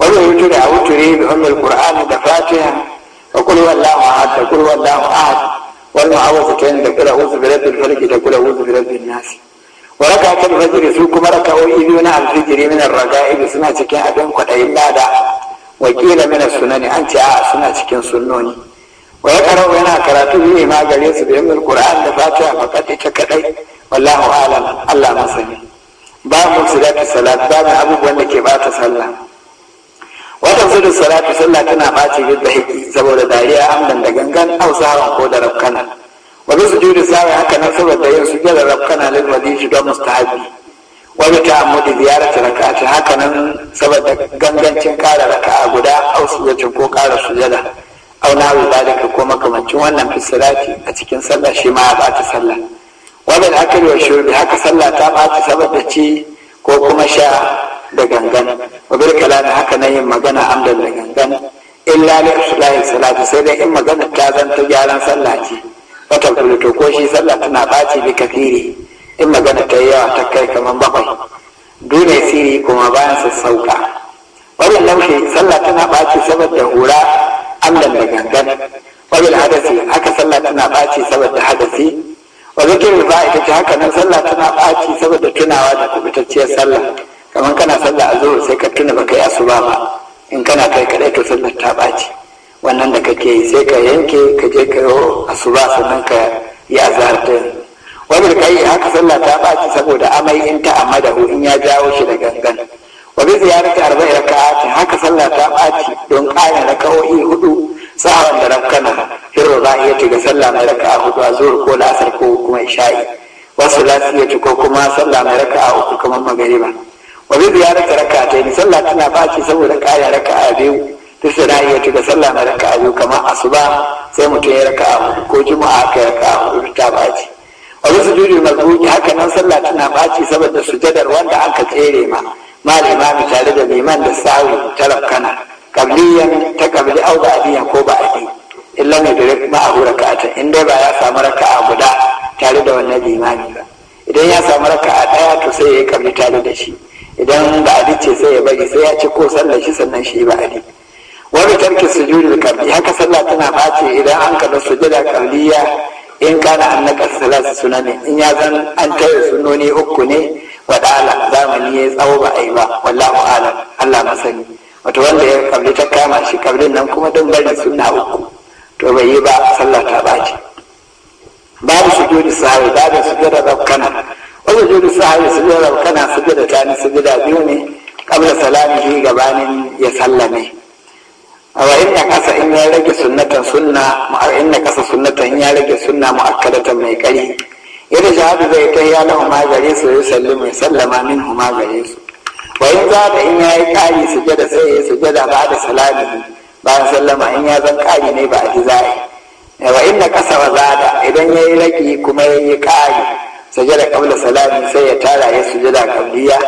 wani hutu da hutu ne da umar qur'ani da fatiha wa kul wallahu ahad da kul wallahu ahad ta mu'awwidhatayn da kul a'udhu bi rabbil falaq da kul a'udhu bi rabbin nas wa rak'atul fajr su kuma rak'o'i biyu na al-fajr min ar-raga'ib suna cikin abin kwaɗayin lada wa qila min as an ci a suna cikin sunnoni wa karo yana karatu ne ma gare su da yammal qur'an da fatiha fakat ita kadai wallahu alam Allah masani babu salatu salat mu abubuwan da ke bata sallah wata zuwa salatu sallah tana bace yadda hiki saboda dariya amdan da gangan ausawan ko da rafkana wa bi sujudi sawi haka nan saboda yin sujudi rafkana lil wadishi don mustahabi wa bi ta'ammudi raka rak'ati haka nan saboda gangancin kara raka'a guda au sujudi ko kara sujada auna ba da ka ko makamancin wannan fisirati a cikin sallah shi ma ya bata sallah wannan aka wa shurbi haka sallah ta bata saboda ci ko kuma sha da gangan wa kala kalami haka na yin magana amdan da gangan illa li islahi salatu, sai dai in magana ta zanta gyaran sallah ce wata kullu ko shi sallah tana baci bi kafiri in magana ta yi yawa ta kai kamar bakwai dole siri kuma bayan su sauka wannan sallah tana ɓaci saboda hura Allah da gangan wajen hadasi haka sallah tana ɓaci saboda hadasi wa zikirin ba ita haka nan sallah tana ɓaci saboda tunawa da kubutacciyar sallah kamar kana sallah a zuwa sai ka tuna ka yi asuba ba in kana kai kaɗai to sallar ta ɓaci wannan da kake yi sai ka yanke ka je ka yi asuba sannan ka yi azahar ta wajen kai haka sallah ta ɓaci saboda amai in ta amma da in ya jawo shi da gangan wa bi ziyarati arba'i raka'atin haka sallah ta ɓaci don ƙarin raka'o'i hudu sa'an da rafkana hirro za a iya ga sallah mai raka'a hudu a zuwa ko lasar ko kuma isha'i wasu iya ko kuma sallah mai raka'a uku kamar magariba wa bi ziyarati ta yi sallah tana ɓaci saboda raka raka'a biyu ta a iya tuga sallah mai raka'a biyu kamar asuba sai mutum ya raka'a hudu ko juma'a ka a hudu ta ɓaci abu juri mazmuki haka nan sallah tana baci saboda sujadar wanda aka tsere ma malama limami tare da liman da sawi ta rafkana kabliyan ta kabli au da abiyan ko ba adi illa ne da ba a hura ka'ata in dai ba ya samu raka'a guda tare da wannan limani ba idan ya samu raka'a daya to sai ya yi kabli tare da shi idan ba a ce sai ya bari sai ya ci ko sallar shi sannan shi ba adi wani tarki sujudul kabli haka sallah tana baci idan an kada sujada kabliya in kana an naka salas sunani in ya zan an tare sunoni uku ne wadala zamani ya tsawo ba a yi ba wallahu ala Allah masani wato wanda ya kabli ta kama shi kablin nan kuma don bari suna uku to bai yi ba sallah ta baci babu sujudi sahawi babu sujudi rakkana wani sujudi su sujudi rakkana sujudi tani sujudi biyu ne kabla salami gabanin ya sallame awa inna kasa in ya rage sunnatan sunna ma'ar inna kasa sunnatan in ya rage sunna mu'akkadatan mai ƙari yadda shahadu zai kai ya lahu ma gare su ya sallama sallama min huma gare su wa in za da in ya yi ƙari sujada sai ya sujada ba da salami bayan sallama in ya zan kari ne ba a ji za'i wa inna kasa wa zada idan ya yi rage kuma ya yi ƙari sujada kabla salami sai ya tara ya sujada kabliya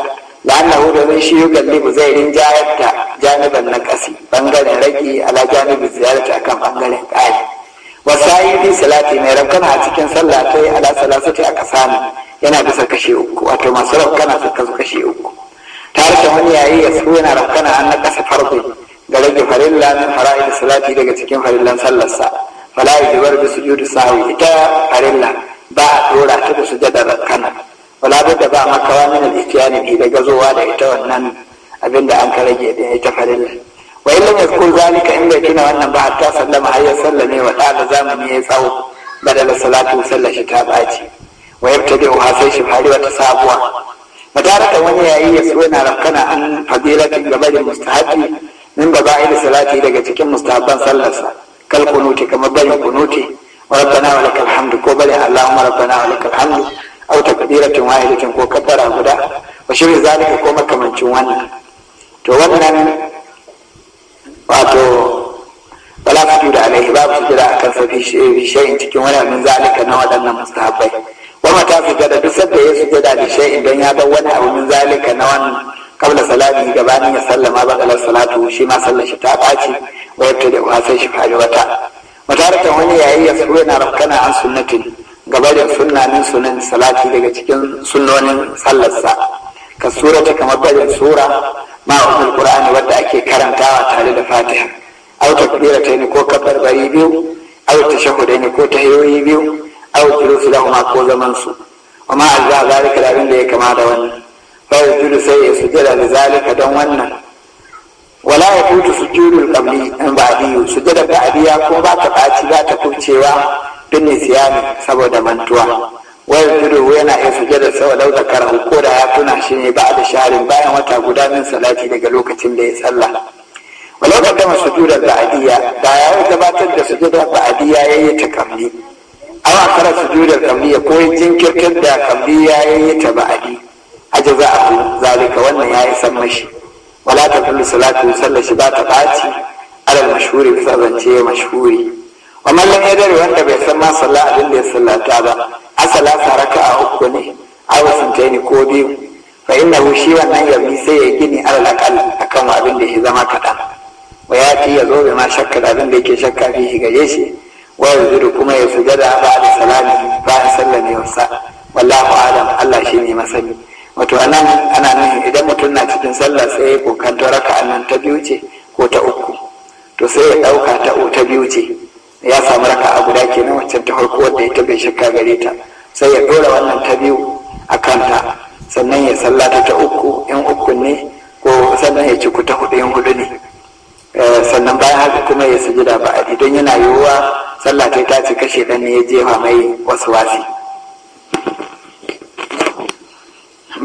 la'annahu domin shi mu zai rinjayarta janiban na kasi bangaren raki ala janibin ziyarci akan bangaren ƙari wasa'i fi salati mai rankana a cikin sallah ta yi ala salasati a kasani yana bisa kashe uku wato masu rankana su kasu kashe uku Ta da wani yayi ya su yana rankana an na kasa farko rage farilla min da salati daga cikin farillan sallarsa fala yujibar bi sujudi sahwi ita farilla ba a dora ta da jada rankana wala da ba makawa min al-ihtiyani bi da gazowa da ita wannan abinda an ka rage din ita farilla wa illa kun zalika in bai gina wannan ba hatta sallama har ya sallame wa da zamani ya tsawo badala salatu sallashi ta baci wa yabtadi wa sai shi fari wata sabuwa madarata wani yayi ya so yana rakana an fadilatin gabarin mustahabi min ba'id salati daga cikin mustahabban sallarsa kal kunuti kamar barin kunuti wa rabbana wa hamdu ko bari allahumma rabbana wa lakal hamdu aw takbiratin wahidatin ko kabara guda shi shirin zalika ko makamancin wannan to wannan wato wala da alaihi ba sujada akan sa fi shay'in cikin wani abin zalika na waɗannan mustahabbai ta mata sujada duk sabda ya gada da shay'in idan ya bar wani abu min zalika na wannan kabla ga gabanin ya sallama ba kalar salatu shi ma sallar shi ta ɓaci wata da wasan shi fari wata mataratan wani yayi ya tsoro na rafkana an sunnatin gabarin suna min sunan salati daga cikin sunnonin sallarsa ka sura ta kamar barin sura ma usul qur'ani wadda ake karantawa tare da fatiha aw takbira ta ko kabar bari biyu aw shahu ne ko tahiyoyi biyu aw da kuma ko zaman su amma a zalika da abin da ya kama da wannan fa yajudu sai ya sujada da zalika don wannan wala ya kutu sujudul qabli in ba'di sujada ba'diya ko ba ta baci za ta kubcewa binne siyani saboda mantuwa wayar tudu yana iya da sau lauta karahu ko da ya tuna shi ne ba da shaharin bayan wata guda min salati daga lokacin da ya tsalla walau da su da ya yi gabatar da sujudar adiya ya yi ta kamni. awa kara sujudar kamni ya koyi jinkirtar da kamni ya yi ta ba'adi a za a zalika wannan ya yi san mashi wala ta kullu salatu sallar shi ba ta ɓaci alal ya bisa zance mashuri. amma ya dare wanda bai san ma sallah abin da ya sallata ba a salasa raka a uku ne a wasu ne ko biyu fa inna shi wannan yabi sai ya gini alal a akan abin da ya zama kaɗan wa ya ci ya zo bai ma shakka da abin da yake shakka fi shi gare shi wa zuru kuma ya sujada ba da salami ba a sallame wasa wallahu alam Allah shi ne masani wato anan ana nufin idan mutum na cikin sallah sai ya kokanta raka'a nan ta biyu ce ko ta uku to sai ya ɗauka ta ta biyu ce ya samu raka a guda kenan wacce ta farko wadda ita bai shakka gare ta sai ya dora wannan ta biyu a kanta sannan ya sallata ta uku in uku ne ko sannan ya ci ta hudu in hudu ne eh, sannan bayan haka kuma ya gida ba idan yana yiwuwa sallata ta ci kashe dan ne ya jefa mai wasu wasi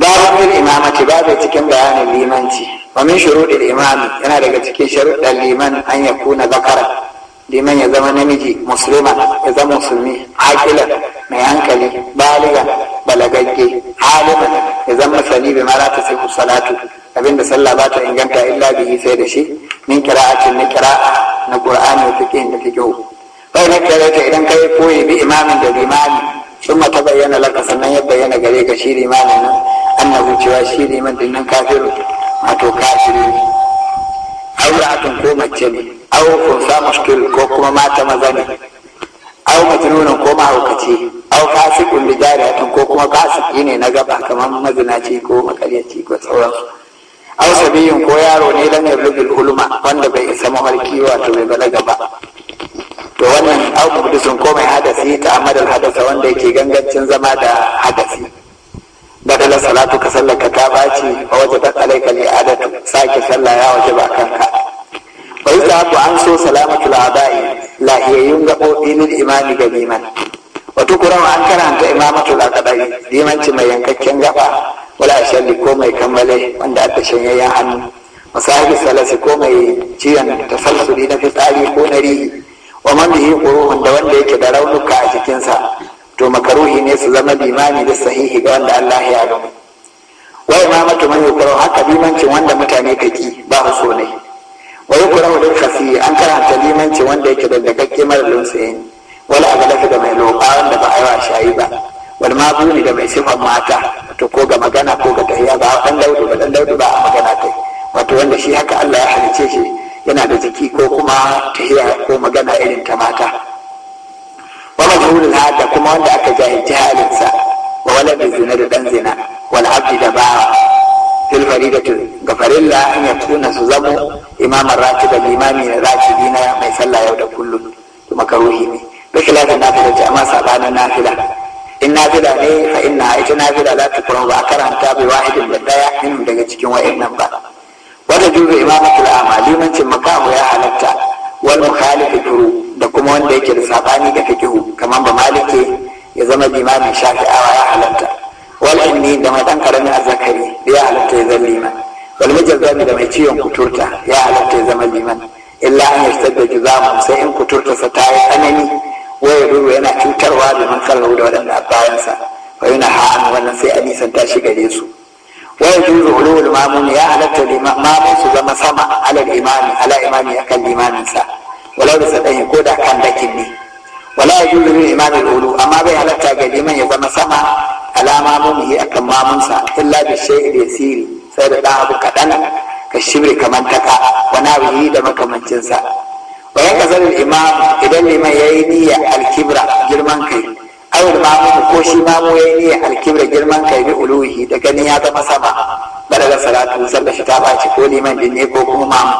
babu fil imamati babu cikin bayanin limanci wa min shuruɗin imami yana daga cikin sharuɗan liman an yakuna zakara liman ya zama namiji musulman ya zama musulmi aqilan mai hankali baliga balagagge aliman ya zama sani bi mara ta sai salatu abinda sallah ba ta inganta illa bihi sai da shi min qira'atin na qira'a na qur'ani da fiqh da fiqh bai na qira'ata idan kai koyi bi imamin da limami summa bayyana laka sannan ya bayyana gare ga shi limamin nan annahu cewa shi liman din nan kafiru wato kafiri auratun ko mace ne au sa muskil ko kuma mata maza ne au majnunan ko mahaukaci au fasikun jari jariyatun ko kuma fasiki ne na gaba kamar mazinaci ko makaryaci ko sauransu au sabiyin ko yaro ne ya yablugil huluma wanda bai isa mafarki wato bai balaga ba to wannan au muhdisun ko mai hadasi ta amadal hadasa wanda yake gangancin zama da hadasi badalar salatu ka sallaka ta baci a waje ta alaika ne adatu sake sallah ya waje ba kanka bai ta ku an so salamatu la'adai yi ga lil imani ga liman wato kuran an karanta imamatu la'adai limanci mai yankakken gaba wala shalli ko mai kammale wanda aka shanyayyen hannu masahi salasi ko mai ciyan tasalsuli na fitsari ko na rihi wa man bihi da wanda yake da raunuka a jikinsa to makaruhi ne su zama limani da sahihi ga wanda Allah ya Wai ma imamatu mai kuro haka limancin wanda mutane ka ki ba su so ne wai kuro da kafi an karanta limancin wanda yake da dakakke mara lunsayin wala agalafi da mai loka wanda ba wa shayi ba wal mabuni da mai sifan mata to ko ga magana ko ga tahiya ba dan daudu ba dan daudu ba a magana kai wato wanda shi haka Allah ya halice shi yana da jiki ko kuma tahiya ko magana irin ta mata wani burin hata kuma wanda aka jahilci halinsa wa wani zina da dan zina wani abdi da ba fil faridatu ga farilla in ya tuna su zamo imamin rati da limami na rati dina mai sallah yau da kullum to makaruhi ne bai kila da nafila amma sabanin nafila in nafila ne fa inna ita nafila za ta kuma ba a karanta bai wahidin da daya in daga cikin wa'annan ba wata juru imamatul amali mancin makamu ya halatta wani mukhalifu duru da kuma wanda yake da sabani ga fikihu kamar ba malike ya zama limamin awa ya halatta wal inni da madan karami a Zakari da ya halatta ya zama liman wal mujazzami da mai ciwon kuturta ya halatta ya zama liman illa an yastadda jizamu sai in kuturta sa ta yi tsanani waya ruru yana cutarwa da man da waɗanda bayansa fa yana ha'an wannan sai an nisanta shi gare su waya juzu ulul mamun ya halatta liman su zama sama alal imami yullu min imani ulu amma bai halatta ga liman ya zama sama alama mun a akan mamunsa illa bi shay'i siri sai da ɗan abu kadan ka shirya kaman taka wana yi da makamancinsa wa yanka zal imam idan liman yayi niyya al-kibra girman kai ayyar mamun mamu ko shi mamun yayi niyya al-kibra girman kai bi uluhi da ganin ya zama sama da salatu sallah shi ta baci ko liman din ne ko kuma mamu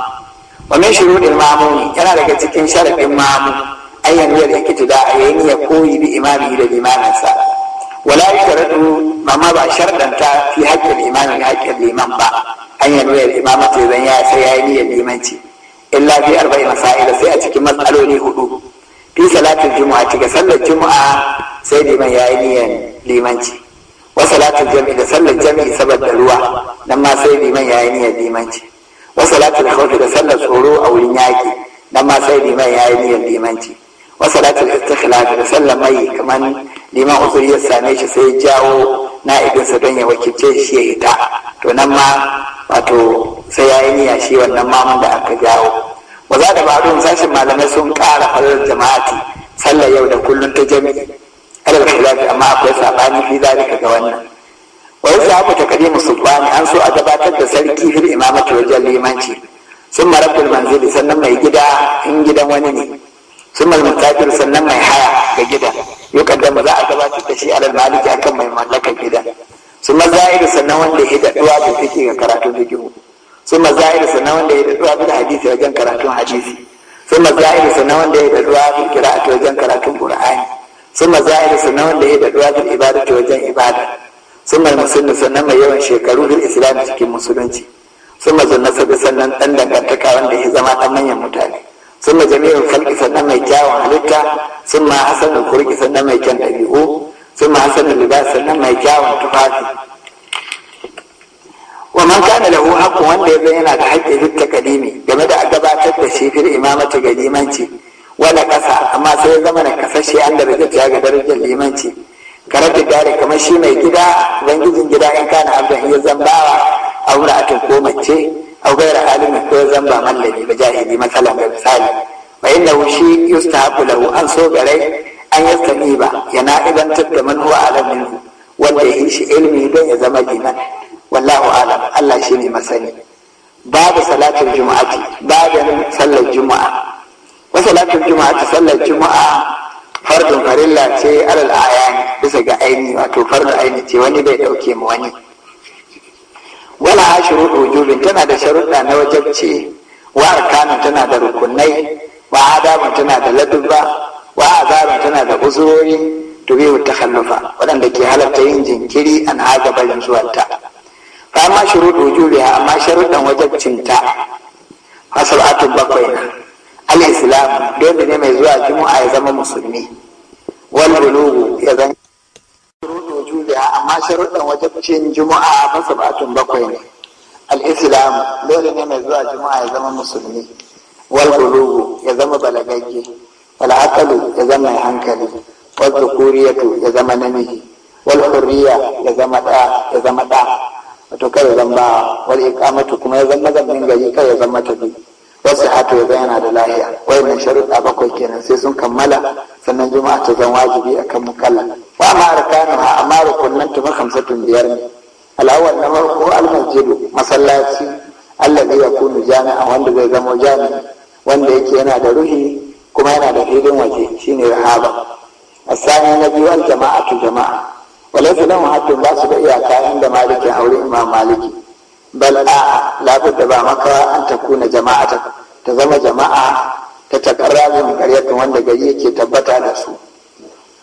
wa min shurudil mamuni yana daga cikin sharadin mamu an yanzu da yake tuda a yayin ya koyi bi imami da limaninsa wala yusharatu amma ba shardanta fi haƙƙin imami da haƙƙin liman ba an yanzu da imamata zan ya sai yayi niyyar limanci illa fi arba'in masa'ila sai a cikin matsaloli hudu fi salatin juma'a cika sallar juma'a sai liman ya yi niyyar limanci wa salatin jami'i da sallar jami'i saboda ruwa nan ma sai liman ya yi niyyar limanci wa salatin khawfi da sallar tsoro a wurin yaki nan ma sai liman ya yi niyyar limanci wasalatul istikhlaf da sallar mai kamar liman uzuri ya same shi sai jawo na'ibinsa don ya wakilce shi ya ita to nan ma wato sai ya yi niyya shi wannan mamun da aka jawo ba za da ba'adun sashen malamai sun kara farar jama'ati sallar yau da kullum ta jami'i kalar khilafi amma akwai sabani fi zalika ga wannan Wai sa abu ta kadimu subhani an so a gabatar da sarki fil imamati wajen limanci sun marabtul manzili sannan mai gida in gidan wani ne summa al-musafir sannan mai haya ga gidan yuqaddamu za a gabatar da shi alal a kan mai mallakar gidan summa za'iru sannan wanda ya daduwa da take ga karatun fiqh summa za'iru sannan wanda ya daduwa da hadisi wajen karatun hadisi summa za'iru sannan wanda ya daduwa da qira'atu wajen karatun qur'ani summa za'iru sannan wanda ya daduwa da ibadatu wajen ibada summa al-musulmi sannan mai yawan shekaru da islam cikin musulunci summa zannasa sannan dan dangantaka wanda ya zama dan manyan mutane ثم جميع الخلق سنة ما يكاوى عليك ثم حسن الخلق سنة ما يكاوى تبيئوه ثم حسن اللباس سنة ما يكاوى تفاتي ومن كان له حق وان يبين هذا حق في التقديم game da gabatar da shi fil ga limanci wala kasa amma sai zama na kasashe an da rage ga darajar limanci karatu dare kamar shi mai gida bangijin gida in kana abdan iya zambawa a wura'atin ko mace a gaira alimin zamba mallami ba jahili matsalan ga فإنه شيء يستحق so أن صوب عليه أن يستنيب ينائبا تبدا من هو أعلم منه wanda ya yi shi ilimi don ya zama liman wallahu Allah shi ne masani babu salatul juma'ati juma'a ta sallar juma'a fardun farilla ce alal ayani bisa ga aini wato fardu aini ce wani bai dauke ma wani wala shuruɗu wujubin tana da sharuɗa na wajabci wa arkanin tana da rukunai wa adaban tana da ladubba wa azaba tana da uzurori tubihu takhallufa waɗanda ke halatta yin jinkiri an haga barin zuwanta fa amma shuruɗu wujubiha amma sharuɗan wajabcinta fasal'atu bakwai na al-islam dole ne mai zuwa juma'a ya zama musulmi wal bulugu ya zama shuruɗu wujubiha amma sharuɗan wajabcin juma'a fasal'atu bakwai ne al-islam dole ne mai zuwa juma'a ya zama musulmi wal ya zama balagagge wal aqlu ya zama hankali wal dhukuriyatu ya zama namiji wal ya zama da ya zama da wato kar ya zama wal iqamatu kuma ya zama zambin gari kar ya zama tabi wasu hatu ya yana da lahiya mai sharuɗa bakwai kenan sai sun kammala sannan juma'a ta zan wajibi akan mukalla wa ma arkanu ha amma rukunnan tuma kamsatun biyar ne al'awar na farko al-masjidu masallaci allazi yakunu jami'a wanda zai zama jami'a wanda yake yana da ruhi kuma yana da filin waje shine rahaba A asani na biyu jama'a jama'atu jama'a walaysa lahum haddun ba su da iyaka inda maliki aure imam maliki bal a da ba maka an takuna jama'ata ta zama jama'a ta takarrabin karyatun wanda gari yake tabbata da su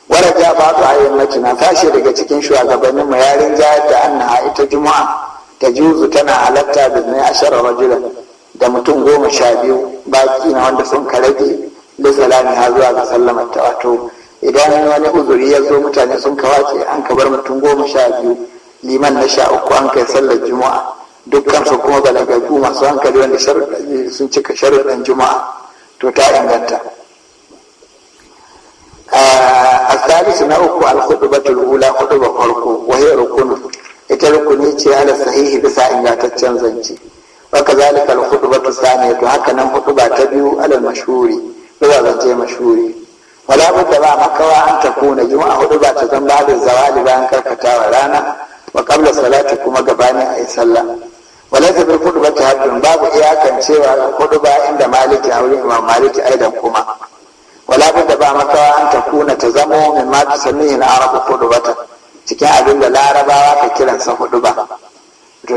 wara ja ba ta ayyammaci na tashi daga cikin shugabannin mu yarin da annaha ita juma'a ta juzu tana halatta da mai asharar rajulan da mutum goma sha biyu baki na wanda sun ka rage da salami ha zuwa ga sallamar ta wato idan wani uzuri ya zo mutane sun kawace an ka bar mutum goma sha biyu liman na sha uku an kai sallar juma'a dukkan su kuma balagagu masu hankali wanda sun cika sharuɗan juma'a to ta inganta a salisu na uku alhudubatul tulula hudu ba farko wahiyar rukunu ita rukuni ce ala sahihi bisa ingantaccen zance waka zalika al-khutbatu thaniyatu haka nan khutba ta biyu alal mashhuri zuwa zance mashhuri wala budda ba makawa an takuna juma'a hudu ba ta zan bada zawali bayan karkatawa rana wa qabla salati kuma gabanin ayi sallah wala ta bil ta haddun babu iyakan cewa khutba inda maliki a wurin maliki aidan kuma wala budda ba makawa an takuna ta zamo min ma tusammihi al-arabu khutbatan cikin abinda larabawa ka kiransa hudu ba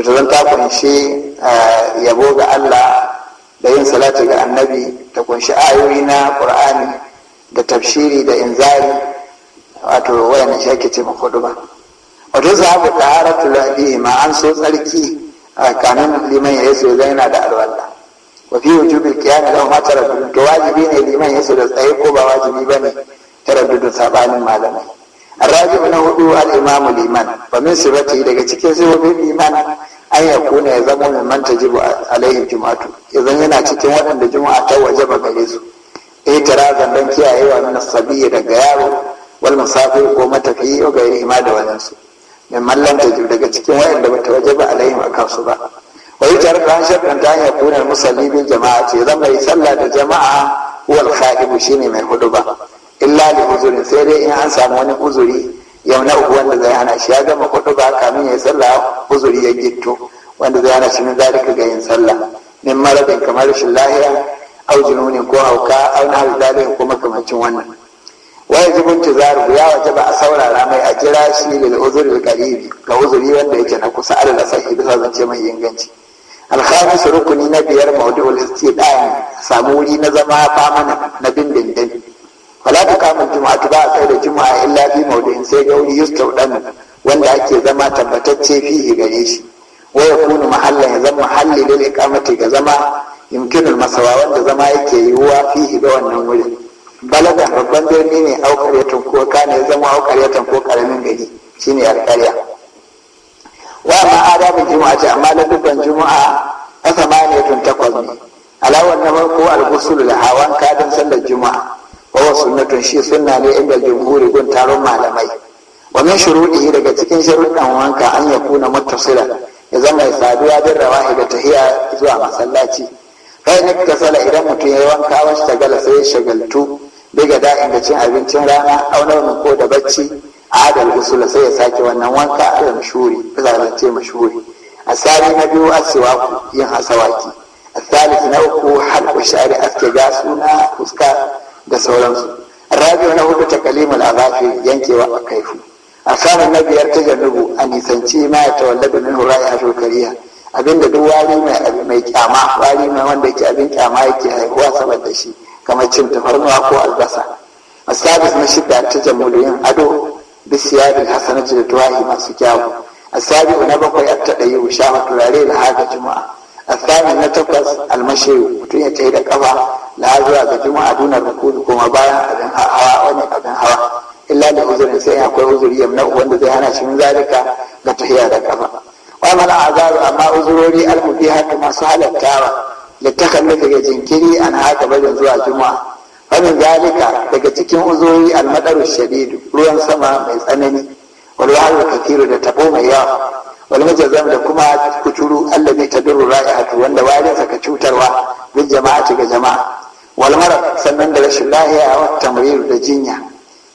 to ta ta kunshi eh, yabo ga Allah da yin salati ga annabi ta kunshi ayoyi na ƙur'ani, da tafsiri da inzari wato wayannan shi ake ce hudu ba wato ku ƙara lahi ma an so tsarki a kanun liman ya so zai da alwala wa fi wujubil qiyam lahu ma taraddu to wajibi ne liman ya so da tsaye ko ba wajibi ba bane taraddu sabanin malamai na الراجع نهدو الإمام الإيمان ومن صفته daga cikin sifofin liman. an ya kuna ya zama min man tajibu alaihim jumu'atu idan yana cikin waɗanda juma'a ta wajaba gare E, tarazan dan kiyayewa min sabiyyi daga yaro wal musafir ko matafiyi ko gairi ima da su min mallan tajibu daga cikin waɗanda bata wajaba alaihim akan su ba wa yitar kan shakkan ta ya kuna musalli bil jama'a ce zama yi sallah da jama'a huwal khaibu shine mai huɗu ba. illa da uzurin sai dai in an samu wani uzuri yau na uku wanda zai hana shi ya gama kudu ba kamin ya sallah uzuri ya gitto wanda zai hana shi min ka ga yin sallah min maradin kamar rashin lahiya au jununi ko hauka au na hal zalika ko makamancin wannan wai jibin tizaru ya waje ba a saurara mai a jira shi da uzuri karibi ga uzuri wanda yake na kusa da sahi bisa zance mai inganci su rukuni na biyar mawdu'ul istidan samu wuri na zama famana na bindindin wala ta kamun juma'atu ba a sai da juma'a illa fi maudu'in sai wani yusuf dan wanda ake zama tabbatacce fihi gare shi wa yakunu mahalla ya zama mahalli lil iqamati ga zama yumkinul masawa wanda zama yake yiwuwa fihi ga wannan wurin balaga babban birni ne au karyatan ko kana ya zama au karyatan ko karamin gari shine alƙarya wa ma adabin juma'a ce amma na dubban juma'a tun takwas ne alawar na farko al ghusl da hawan kadin sallar juma'a wa sunnatun shi sunna ne inda jumhuri gun taron malamai wa min shuruɗi daga cikin sharuɗan wanka an ya kuna muttasila ya zama ya saduwa bin rawahi da tahiya zuwa masallaci kai ne ta sala idan mutum ya yi wanka wasu tagala sai ya shagaltu daga da'in da cin abincin rana mu ko da bacci adal usula sai ya sake wannan wanka a mashuri bisa zance mashuri asali na biyu asiwaku yin asawaki asali na uku halku shari aske gasu na fuska da sauransu rabi'u na hudu ta takalimul azafi yankewa a kaifu samun na biyar ta janubu a nisanci ma ya tawallabi ya hurayi a shukariya abinda duk wari mai kyama wari mai wanda yake abin kyama yake haihuwa saboda shi kamar cin tafarnuwa ko albasa asabis na shida ta Ado, yin ado bisiyarin hasanatu da tuwahi masu kyawu sabis na bakwai a taɗayi shafa turare da haka juma'a الثامن نتقص المشي mutum ya tafi da kafa la ga juma'a duna rukudu kuma bayan abin hawa wani abin hawa illa da uzurin sai akwai uzuri yamna wanda zai hana shi zalika ga tahiya da kafa wa mal azaru amma uzurori almubiha masu halattawa litakallafa ga jinkiri an haka barin zuwa juma'a wannan zalika daga cikin uzuri almadaru shadidu ruwan sama mai tsanani wal wahyu kathiru da tabo mai yawa wal majazam da kuma kuturu allazi tadurru ra'ihatu wanda warin sa ka cutarwa bil jama'a ga jama'a wal marad sannan da rashin lahiya wa tamiru da jinya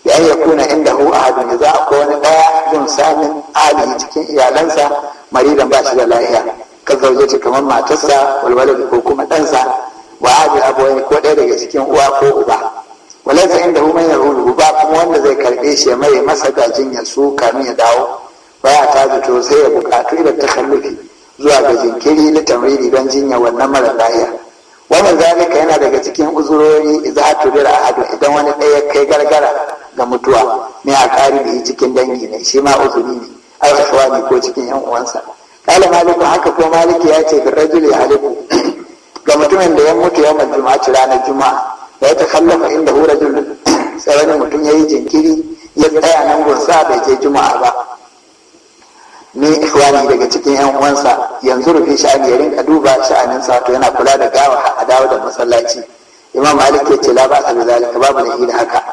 bi an yakuna indahu ahadun idza akwai wani daya jin samin ali cikin iyalansa maridan ba shi da lahiya kan zaujeci kamar matarsa walwalad ko kuma ɗansa wa abu wani ko ɗaya daga cikin uwa ko uba walaisa inda hu man yahulu ba kuma wanda zai karbe shi mai masa gajin ya su kamin ya dawo baya ta zuto sai ya bukatu da takalluki zuwa ga jinkiri na tamriri don jinya wannan mara lahiya wannan zalika yana daga cikin uzurori za a tudura ahadu idan wani ɗaya kai gargara ga mutuwa ne a ƙari da cikin dangi ne shi ma uzuri ne a ne ko cikin yan uwansa kala maliku haka ko maliki ya ce ga rajuli haliku ga mutumin da ya mutu yawan juma'a ranar juma'a ya ta kallafa inda hura julun sai wani mutum ya yi jinkiri ya tsaya nan gunsa bai je juma'a ba ni ikhwani daga cikin yan uwansa yanzu rufe sha'ani ya rinka duba sha'anin sato, yana kula da gawa a dawo da masallaci imam malik ya ce la ba da zalika babu nahi da haka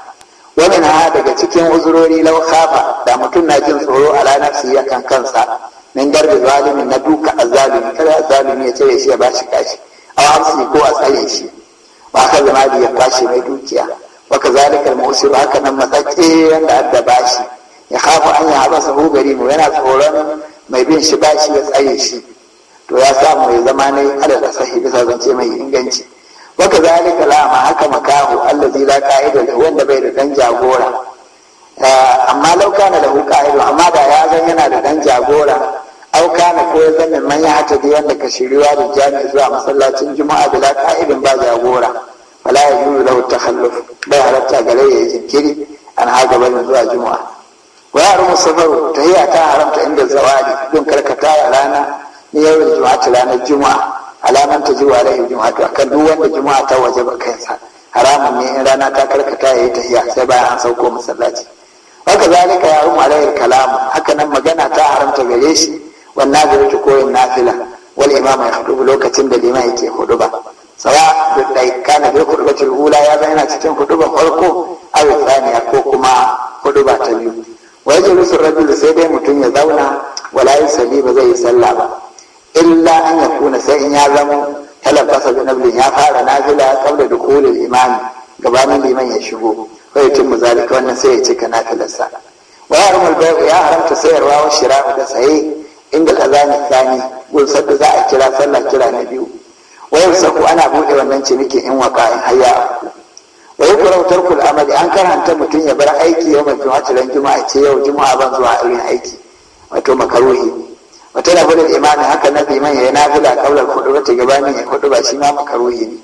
wani na daga cikin uzurori laukafa da mutum na jin tsoro a ranar su yakan kansa min garbi zalimi na duka azzalimi kada azzalimi ya cire shi ya bashi kashi a wasu ko a tsaye shi ba ka zama da ya kwashe mai dukiya wa ka zalika al ba haka nan matsatse wanda adda bashi ya khafu an ya habasa hu mu yana tsoron mai bin shi bashi ya tsaye shi to ya sa mu zama ne alal sahi bisa zance mai inganci wa ka zalika lama haka makahu allazi la qa'ida wanda bai da dan jagora eh, amma lauka na da hu amma da ya zan yana da dan jagora auka na ko ya zama man ya hata da wanda ka shiriwa da jami'a zuwa masallacin juma'a bila ka'idin ba jagora wala ya yi lahu takhalluf bai halatta gare ya yi jinkiri an haga bane zuwa juma'a wa ya rumu safaru ta haramta inda zawali don karkata a rana ni yau juma'a ta ranar juma'a alaman ta zuwa rahin juma'a to akan duk wanda juma'a ta waje ba kansa haramun ne in rana ta karkata ya yi tahiyya sai bayan an sauko masallaci haka zalika ya rumu alayhi kalam haka nan magana ta haramta gare shi wannan ki koyin nafila wal imam ya hudu lokacin da liman yake huɗu ba sawa duk da kana bil hudubatul ula ya zama yana cikin hudubar farko aw thaniya ko kuma huɗu ba ta biyu wa yajlisu rajul sai dai mutum ya zauna wala yusalli ba zai yi sallah ba illa an kuna sai in ya zama talabasa bi nablin ya fara nafila qabla dukhulil imam gabanin liman ya shigo ko ya timmu zalika wannan sai ya cika nafilarsa wa ya haramta sayarwa wa shira'u da saye inda kaza ne tsani gun za a kira sallah kira na biyu wayar saku ana buɗe wannan ciniki in waka in haya wa yi kurautar kul amali an karanta mutum ya bar aiki yau mai juma'a cilan juma'a ce yau juma'a ban zuwa irin aiki wato makaruhi wata na bude imanin haka na man ya yi nafila kaular kudu wata gabanin ya kudu ba shi ma makaruhi ne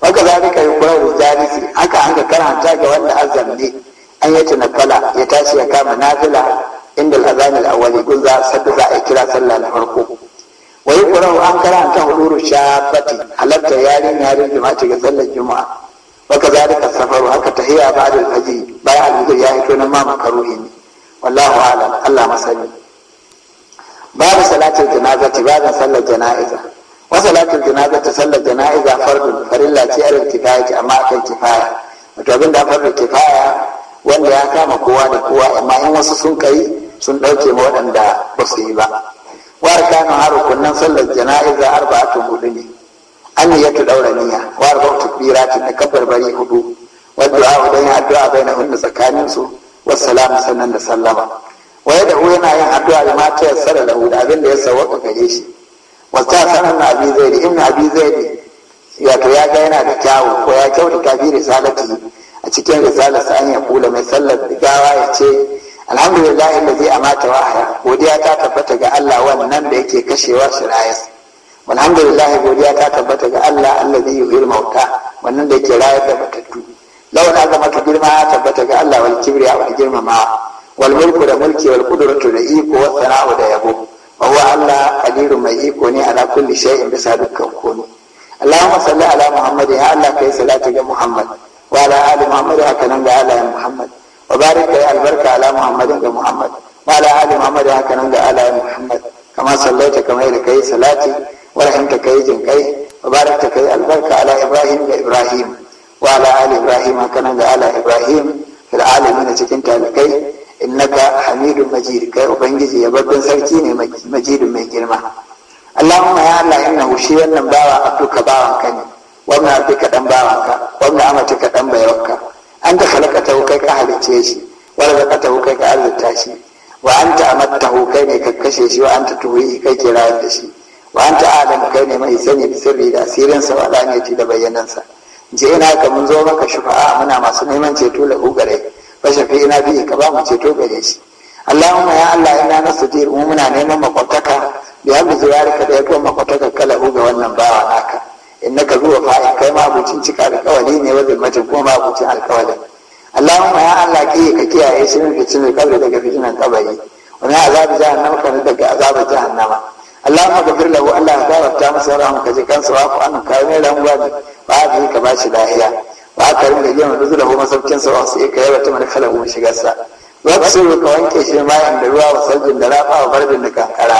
waka za ka yi kurar jarisi haka an ka karanta ga wanda azam ne an yi tunafala ya tashi ya kama nafila inda al'azan al'awwali gun za sadda za a yi kira sallah na farko wa yi ƙurau an karanta huduru shafati halarta halartar yarin jima'a ga sallar juma'a waka zalika safaru haka tahiya ba'da al-fajr bayan al-fajr ya hito nan ma makaruhi ne wallahu alam Allah masani babu salatul janazati babu sallar janaiza wa salatul janazati sallar janaiza fardun farilla ce irin kifaya amma akan kifaya wato da fardu kifaya wanda ya kama kowa da kowa amma in wasu sun kai sun ɗauke ma waɗanda ba su yi ba war kanu harukunan sallar jana'iza arba'atu hudu ne an yi yadda ɗaura niyya Wa ba ta bira ta da bari hudu wadda a wa addu'a bai na hundu tsakaninsu salamu sannan da sallama waye da hu yana yin addu'a da mata ya da lahu da abin da ya sawwaka gare shi ta sanar na abi zaidi abin abi zaidi wato ya ga yana da kyawu ko ya kyauta ta bi risalati a cikin risalarsa an ya kula mai sallar gawa ya ce alhamdulillah zai amata wahaya godiya ta tabbata ga Allah wannan da yake kashewa shirayas alhamdulillah godiya ta tabbata ga Allah zai yi mauta wannan da yake rayar da matattu zama ta girma ya tabbata ga Allah wal kibriya wal girmamawa wal mulku da mulki wal qudratu da iko wa sana'u da yabo wa huwa Allah qadirun mai iko ne ala kulli shay'in bisa dukkan komai Allahumma salli ala Muhammad ya Allah kai salati ga Muhammad wa ala ali Muhammad haka nan ga Allah Muhammad wa barik ya albarka ala muhammadin da muhammad wa ala ali muhammad haka nan da ala muhammad kama sallaita kama yadda kai salati wa rahimta kai jin kai wa barakta kai albarka ala ibrahim da ibrahim wa ala ali ibrahim haka nan da ala ibrahim fil alamin cikin talakai innaka hamidun majid kai ubangiji ya babban sarki ne majidun mai girma allahumma ya allah innahu shi wannan bawa abduka bawanka ne wannan dan bawanka wannan an ta kalakata kai ka halicce shi wala ta kai ka halitta shi wa an ta amatta kai ne ka kashe shi wa an ta tuhi kai ke rayar da shi wa an ta adam kai ne mai sani da sirri da asirinsa wa alaniyati da bayyanansa je ina ka mun zo maka shufa'a muna masu neman ceto la gare ba shafi ina bi ka ba mu ceto gare shi Allahumma ya Allah ina nastatir mu muna neman makwataka bi hamdi ka da ya kuma makwataka kala ga wannan bawa naka ka zuwa fa'in kai ma cika alkawali ne wajen mace kuma ma abucin alkawali Allahumma ya Allah ke ka kiyaye shi ne fitin kabri daga fitinan kabari Wani min azabi jahannam ka daga azabi jahannama Allahumma birla lahu Allah ya gafarta masa wa rahmu ka ji kansu wa fa anhu kai ne ran gwaji ba ka ba shi lahiya Ba ka rinka da mana duzula kuma masaukin sa wasu ka yaba ta mana kala kuma shigar sa wa ka ka wanke shi bayan da ruwa wa saljin da rafa wa barbin da kankara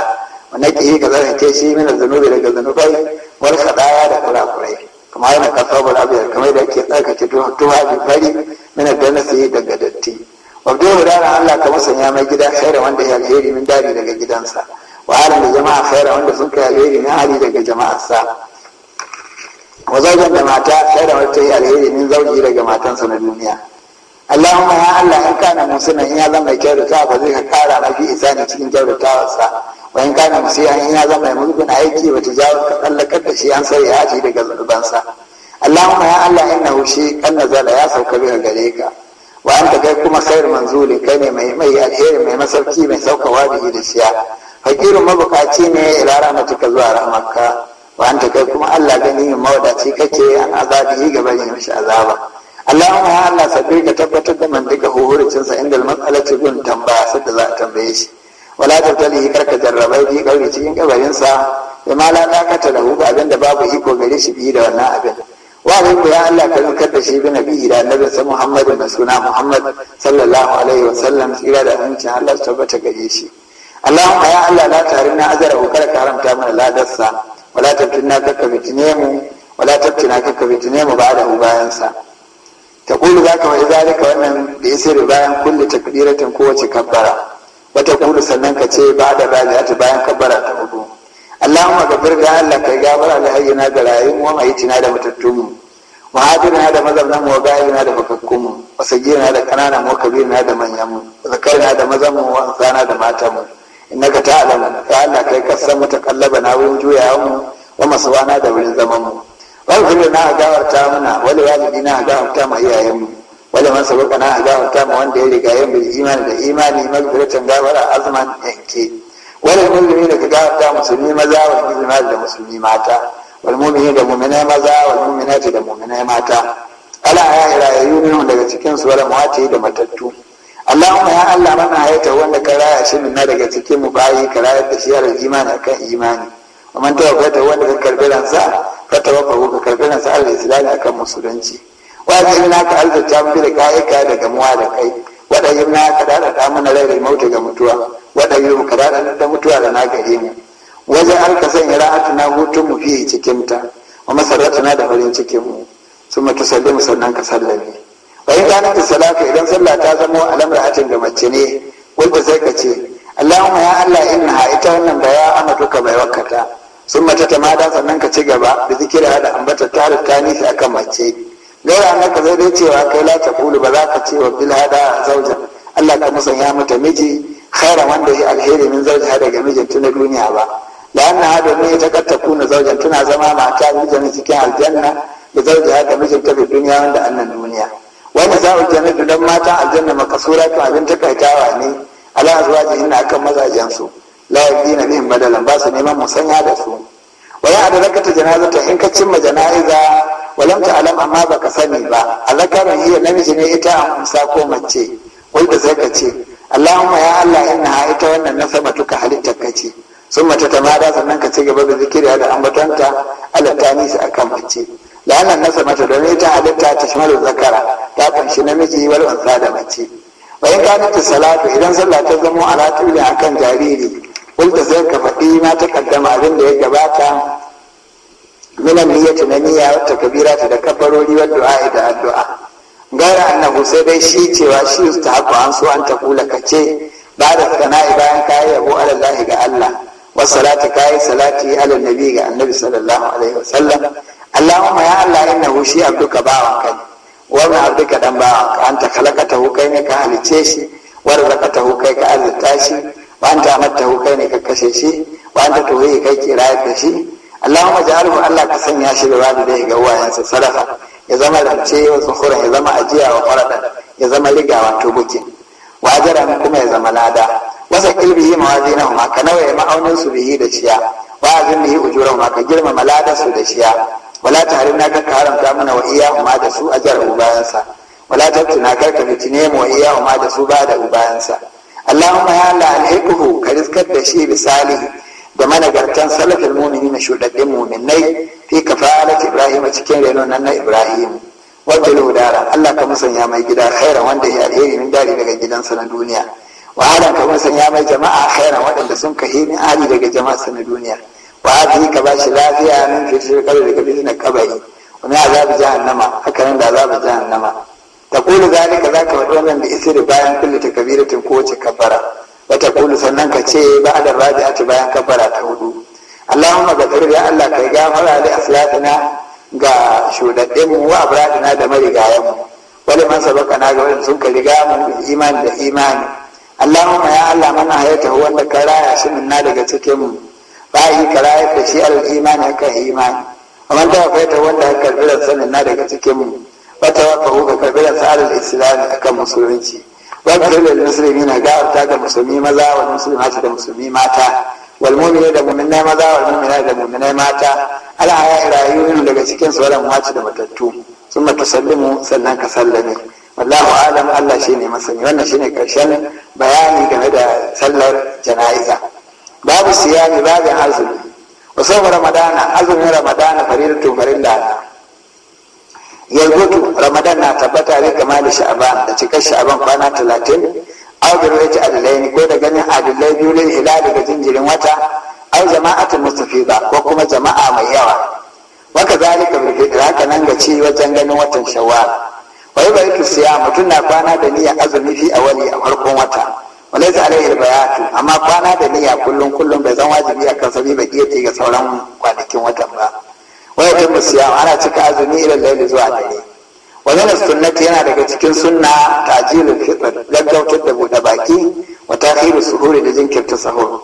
Wani ke yi ka zarance shi mina zanubi daga zanubai wal da kurakurai kuma yana abu abiyar kamar da ake tsarkake tuhabi fari mina ganasi daga datti wabdo gudana Allah ka musanya mai gida khaira wanda ya alheri min dari daga gidansa wa da jama'a khaira wanda sun kai alheri min hali daga jama'arsa wa zaujan da mata khaira wanda ta yi alheri min zauji daga matansa na duniya Allahumma ya Allah in kana musina in ya zama mai kyautata ba zai ka kara mafi isani cikin da wa in kana musiya in ya zama mai mulkin aiki ba tijawar ka tsallakar da shi an sai ya ce daga zubansa Allahumma ya Allah na shi kan zala ya sauka biyar gare ka wa kai kuma sayar manzuli kai ne mai mai alheri mai masauki mai saukawa da da shiya fakirin mabukaci ne ila rahmatuka zuwa rahmatka wa anta kai kuma Allah gani mawadaci kake an azabi gaba ne mishi azaba Allahumma ya Allah sabbi ka tabbatar da mandika horicin sa inda ce gun tambaya da za a tambaye shi wala tabtali karka jarrabai bi kauri cikin kabarin sa da ma la dakata lahu ba abin da babu iko gare shi bi da wannan abin wa alaikum ya Allah ka rinka da shi bi nabi da annabi sa muhammad da suna Muhammad sallallahu alaihi wa sallam tsira da hancin Allah tabbata gare shi Allahumma ya Allah la na azara ko karka karanta mana ladarsa wala tabtina ka bitine mu wala ka bitine mu ba da bayan sa ta kulu za ka faɗi zarika wannan da ya sirri bayan kulle ta takbiratin kowace kabbara wata kulu sannan ka ce ba da raja'ati bayan kabbara ta hudu Allahumma gafir da Allah kai gabara da hayyana ga rayuwar wa mayitina da matattunmu muhajirina da mazaunan mu wa gayina da fakakkunmu wa sagirina da kananan mu na da manyanmu Zakar na da mazanmu wa ansana da matanmu innaka ta'lamu ya Allah kai kasan mu takallaba na wurin juyawan mu wa masuwana da wurin zaman mu wani na gawarta mana wani yalibi na gawarta ma iyayenmu wani man sabuka na gawarta ma wanda ya riga yin bil imani da imani magfiratan gawara azman yanke wani mulmi da ka gawarta musulmi maza wal musulmi da musulmi mata Wani mu'mini da mu'minai maza mummina ta da mu'minai mata ala ya rayayyu ne daga cikin su wala muwati da matattu Allahumma ya Allah mana hayata wanda ka raya shi na daga cikin mu bayi ka rayar da shi imani akan imani wa ta tawaffata wanda ka karbi ransa fatawafahu ka karbi na al islami akan musulunci wajen na ka arzuta mu da kayayyaka da gamuwa da kai waɗayin na ka daɗaɗa mana rai da mauta ga mutuwa waɗayin ka da mutuwa da na gare mu wajen an ka sanya ra'atu na hutun mu fiye cikinta. ta wa na da farin cikin mu sun mutu mu sannan ka sallame Wani in kana da idan sallah ta zama al'amratin ga mace ne wanda sai ka ce Allahumma ya Allah innaha ita wannan baya amatuka bai wakata sun mata ta mada sannan ka ci gaba da zikira da ambata tarif ta nisi akan mace gaira na ka zai cewa kai la ta kulu ba za ka ce wa bil hada zauja Allah ka musanya mata miji khaira wanda ya alheri min zauja daga mijinta na duniya ba da anna hada ne ta katta kuna zaujan tana zama mata mijin cikin aljanna da zauja da mijinta da duniya da annan duniya wani za'ul jannatu dan mata aljanna makasura to abin takaitawa ne ala azwajihin akan mazajen su la yabdina ba da ba su neman musanya da su wa ya adrakata janazata in ka cimma janaiza walam alam amma ba ka sani ba yi iya namiji ne ita an musa ko mace wanda sai ka ce Allahumma ya Allah inna ita wannan sama tuka halitta ce. sun mace ta mada sannan ka ci gaba da zikiri da ambatanta alattani su akan mace la'anan nasa mata domin ta halitta ta shimalu zakara ta kunshi namiji wal unsa da mace bayan ka ta salatu idan sallah ta zamo ala tuli akan jariri wanda zai ka faɗi ma ta kaddama abin da ya gabata minan ta na niyya wata kabira ta da kabarori wa du'a da addu'a gara annahu sai dai shi cewa shi haku an so an taƙula kace ba da sana'i bayan kayi yabo alallahi ga Allah wa salati kayi salati ala nabi ga annabi sallallahu alaihi wasallam Allahumma ya Allah hu shi abduka bawan kai wannan abduka dan bawan ka anta khalaqatahu kai ne ka halice shi warzaqatahu kai ka arzita shi wa matahu amattahu kai ne ka kashe shi wa anta tuhi kai ke rayar da shi Allahumma ja'alhu Allah ka sanya shi da dai ga uwayensa sadaqa ya zama rance wa ya zama ajiya wa faradan ya zama ligawa to bukin wa mu kuma ya zama lada wasa kilbihi nawa, ka ya ma'aunin su bihi da ciya wa azin bihi ujurahuma ka girmama ladasu su da ciya wala naka ka haramta mana wa ma da su ajar ubayansa wala tabtina karka fitine mu wa iyahuma da su ba da ubayansa Allahumma ya Allah alhiquhu ka riskar da shi bisalihi da managartan salafin mumini na shuɗaɗɗin muminai fi kafalat Ibrahim a cikin renon nan na Ibrahim wanda lodara Allah ka musanya mai gida khairan wanda ya alheri min dari daga gidansa na duniya wa alam ka musanya mai jama'a khairan waɗanda sun ka hini ali daga jama'arsa na duniya wa hadi ka ba shi lafiya min fitar kabari daga bizinin kabari wa min azabi jahannama haka nan da azabi jahannama ta kulu zalika za ka faɗi wannan da isiri bayan kulle ta kabiratin kowace kafara ta kulu sannan ka ce ba a da raji'ati bayan kafara ta hudu allahumma ga tsari da allah kai gafara da aslatina ga shudaddin mu wa abradina da marigayen mu wani man sabaka na ga wani sun ka riga mu imani da imani allahumma ya allah mana hayata wanda ka raya shi na daga cikin mu yi ka raya da shi al imani kan imani amma ta faita wanda ka karbi sanin na daga cikin mu fatawaffahu ga karɓi da tsarin islami kan musulunci wabda da musulmi na ga'arta ga musulmi maza wa musulmata da musulmi mata wal da mu'minai maza wal mu'mina da mu'minai mata ala haya rayuwar daga cikin su wala muwaci da matattu sun mata sallimu sannan ka sallame wallahu alam Allah shine masani wannan shine karshen bayani game da sallar jana'iza babu siyami babin azumi wa sawm ramadana azumin ramadana faridatun farilla yarbutu ramadan na tabbata ne kamar da sha'aban da cikar sha'aban kwana talatin aw bi adalai ne ko da ganin adalai biyu ne ila daga jinjirin wata aw mustafi ba ko kuma jama'a mai yawa waka zalika bil fitr haka nan ga ci wajen ganin watan shawwal wai bai ki siya mutum na kwana da niyyar azumi fi wani a farkon wata wale za alaihi bayatu amma kwana da niyya kullum kullum bai zan wajibi a kan sabi baki ga sauran kwanakin watan ba waya ta musiyam ana cika azumi idan laili zuwa dare wajen sunnati yana daga cikin sunna tajilul fitr gaggautar da buɗe baki wa takhiru suhuri da jinkirta sahur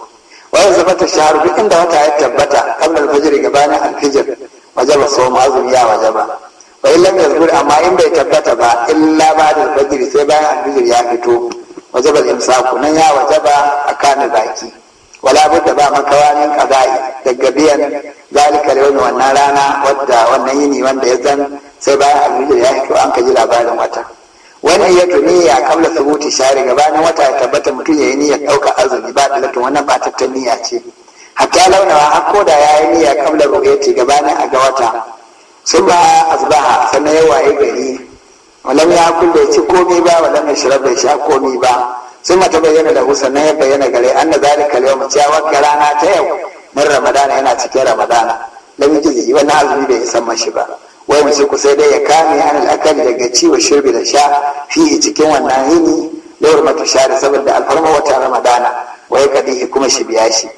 waya ta shahar duk inda wata ya tabbata kamar al-fajr gabanin al-fajr wajaba sawm azumi ya wajaba wa illam yazkur amma in bai tabbata ba illa ba da fajr sai bayan al ya fito wajaba al-imsaku nan ya wajaba a baki wala budda ba makawanin qada'i daga biyan zalika da wannan rana wadda wannan yini wanda ya zan sai bayan alhijir ya hito an kaji labarin wata Wani ya tuni ya kamla subuti share gabanin wata ya tabbata mutum ya yi niyyar ɗauka azumi ba latin wannan ba tattan niyya ce hatta launawa har ko da ya yi niyya kamla ru'yati gabanin a ga wata sun ba azbaha sannan ya waye gari walam ya kulle ci komi ba walam ya shirar bai sha komi ba sun mata bayyana da sannan ya bayyana gare an da zalika yau mu wakka rana ta yau min ramadana yana cikin ramadana lam yujzi wannan azumi bai isan mashi ba wai mu ku sai dai ya kame an al'akari daga ciwo shirbi da sha fi cikin wannan yini lawar mata da saboda alfarma wata ramadana wai kadihi kuma shi biya shi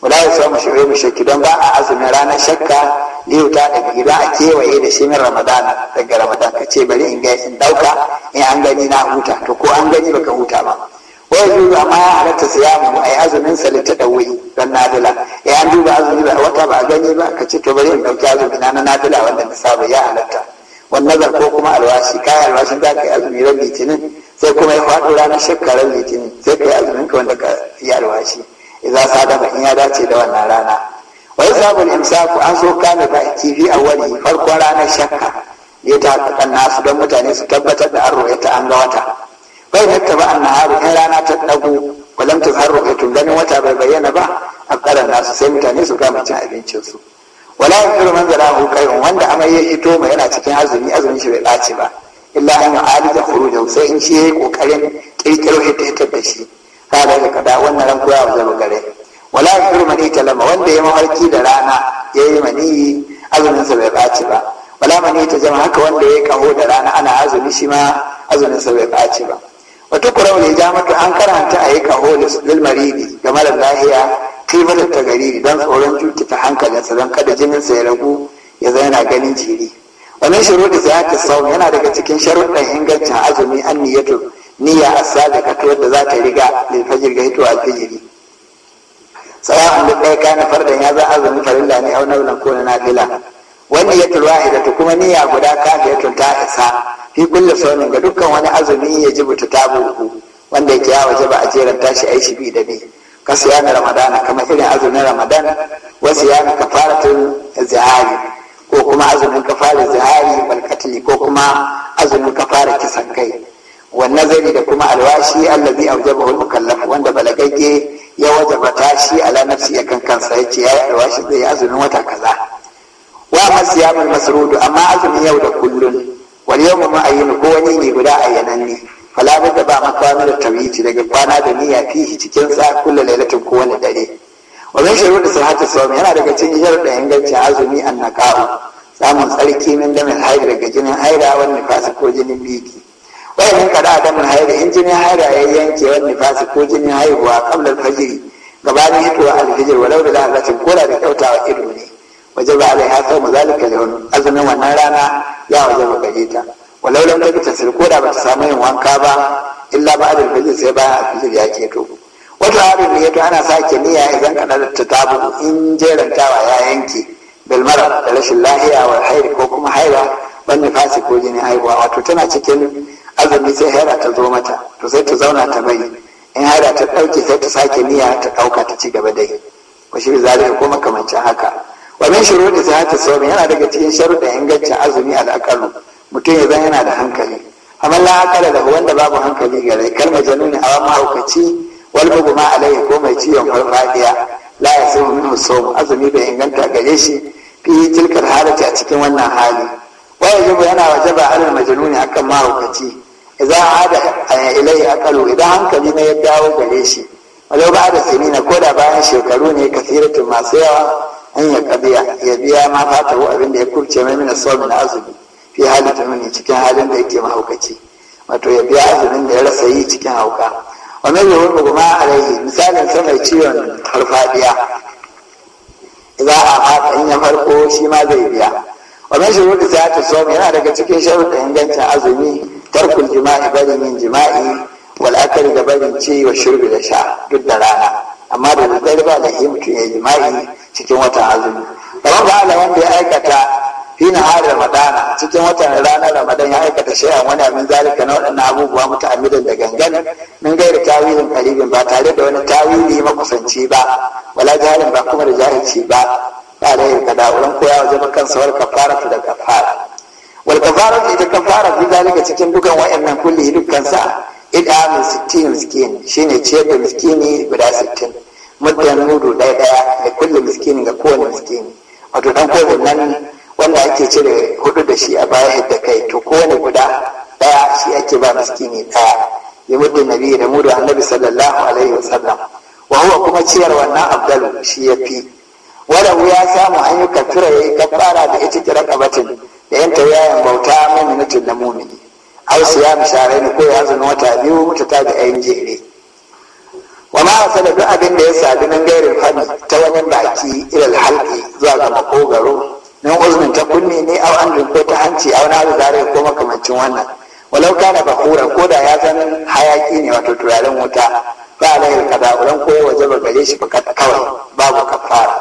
wala ya samu shi mu shakki don ba a azumin ranar shakka liyu da daga gida a kewaye da shi min ramadana daga ramadan ka ce bari in ga in dauka in an gani na huta to ko an gani baka huta ba ya duba amma ya halatta siyamu ai azumin sa da tadawwi dan nafila ya duba azumi ba wata ba gani ba ka ce to bari in dauki azumi na na nadila wanda ka saba ya halatta wannan nazar ko kuma alwashi kai alwashi za ka azumi ran litinin sai kuma ya faɗo ranar shekarar litinin sai ka yi azumin ka wanda ka yi alwashi idan sadama in ya dace da wannan rana wai sabon imsaku an so kame ba kifi a wani farko ranar shakka ya ta nasu don mutane su tabbatar da an ta an ga wata bai natta ba an naharu in rana ta dago walam ta zarru tun ganin wata bai bayyana ba a kara nasu sai mutane su gama cin su. wala yafiru man zarahu qayrun wanda amai ya hito mai yana cikin azumi azumin shi bai ɓaci ba illa an yu'alija da sai in shi yayi kokarin kirkiro hita hitar da shi kada ya kada wannan ran koya ba gare wala yafiru man italama wanda ya mafarki da rana yayi maniyi azumin sa bai ɓaci ba wala ta itajama haka wanda ya yi kaho da rana ana azumi shi ma azumin sa bai ɓaci ba wata kurau ne mata an karanta a yi kaho lil maridi ga mara lahiya tibar ta gari don tsoron cututa hankalinsa don kada jininsa ya ragu ya zai na ganin jiri wannan shuruɗi za ta sau yana daga cikin sharuɗan ingancin azumi an niyyatu niyya a sadaka ta da za ta riga mai fajir ga hito alfijiri Tsaya da ɗaya kana fardan ya za azumi farilla ne wani wannan ko na fila niyyatul wahidatu kuma niyya guda kafiyatun ta isa fi kulli saunin ga dukkan wani azumi ya jibu ta tabu wanda yake ya waje ba a jeran tashi ai shi bi da bi ka siyana ramadana kamar irin azumin ramadan wa siyana kafaratun zihari ko kuma azumin kafara zihari balkatli ko kuma azumin kafara kisan kai wannan zari da kuma alwashi allazi ba al-mukallaf wanda balagagge ya wajaba tashi ala nafsi yakan kansa yace alwashi zai azumin wata kaza wa masiyamul masrudu amma azumin yau da kullun wal yawmu ma'ayyinu ko wani ne guda ne fala da ba makwani da tawhidi daga kwana da niyya fihi cikin sa kullu lailatin ko wani dare wa min da sihhati sawmi yana daga cikin sharuɗin ingancin azumi annaqa'u samun tsarki min damin haida daga jinin haida wani nifasi ko jinin biki wayannan kada damin haida in jinin haida ya yanke wani nifasi ko jinin haihuwa qabla fajiri gabanin hitowa al walau da la'alatin kola da kyautawa ido ne waje ba alaiha sau za zalika leon azumin wannan rana ya waje ba gare ta walau ta tasir ko da ba ta samu yin wanka ba illa ba adal fajr sai bayan alfajr ya keto wata harin ne yato ana sake niyya idan kana da tatabu in tawa ya yanki. bil da rashin lahiya wa ko kuma haira ban nifasi ko jini haihuwa wato tana cikin azumi sai haira ta zo mata to sai ta zauna ta bai in haira ta ɗauke sai ta sake niyya ta ɗauka ta ci gaba dai ko shi zalika ko makamancin haka Kwarin min shurudi sihhati yana daga cikin sharuɗin ingancin azumi a aqallu mutum ya zan yana da hankali amma la aqala da wanda babu hankali gare kalma januni awa mahaukaci wal ma alaihi ko mai ciwon farfadiya la yasimu minhu sawm azumi bai inganta gare shi fi tilkar halati a cikin wannan hali wa yajibu yana ba alal majnuni akan mahaukaci idan ada ilai aqalu idan hankali na ya dawo gare shi walau ba da sinina ko da bayan shekaru ne kasiratun masu yawa an ya kabiya ya biya ma wa abin da ya kurce mai mina sau na azumi fi hali nuni cikin halin da yake mahaukaci wato ya biya azumin da ya rasa yi cikin hauka ne wani yawon a rai misalin sa mai ciwon farfadiya za a fata in ya farko shi ma zai biya Wannan shi shuruɗi ta sau yana daga cikin sharuɗa ingancin azumi tarkul jima'i barin yin jima'i wal'akari da barin ci wa shirbi da sha duk da rana amma da daddare ba da himtu ya jima'i cikin watan azumi kamar ba da wanda ya aikata hina har ramadana cikin watan ranar ramadan ya aikata a wani abin zalika na waɗannan abubuwa muta'ammidan da gangan min gairi tawilin qalibin ba tare da wani tawili makusanci ba wala jahilin ba kuma da jahilci ba ba da yin kada wurin koya zama kansa wal kafara da kafara wal kafara ita kafara fi zalika cikin dukan wa'annan kulli dukkan sa'a mai sittin miskin shine ciyar da miskini guda sittin muddin nudu ɗaya ɗaya mai kulle miskini ga kowane miskini wato dan kowane nan wanda ake cire hudu da shi a baya hidda kai to kowane guda ɗaya shi ake ba miskini ɗaya ya muddin biyu da mudu annabi sallallahu alaihi wasallam wa huwa kuma ciyar wannan abdal shi ya fi walau ya samu hanyar yi gabbara ya kafara da ita kira kabatin da yanta yayin bauta mai minutin na mumini ya siyam ni ko ya azumi wata biyu mutu ta ga ayin jere wa ma asala duk abin da ya sabi nan gairin fadi ta wani baki ilal halki zuwa ga makogaro nan uzumin ta kunne ne aw an ko ta hanci aw na zare ko makamancin wannan walau kana bakura ko da ya zan hayaki ne wato turaren wuta ba alayhi kada uran ko waje ba gare shi fakat kawai babu kafara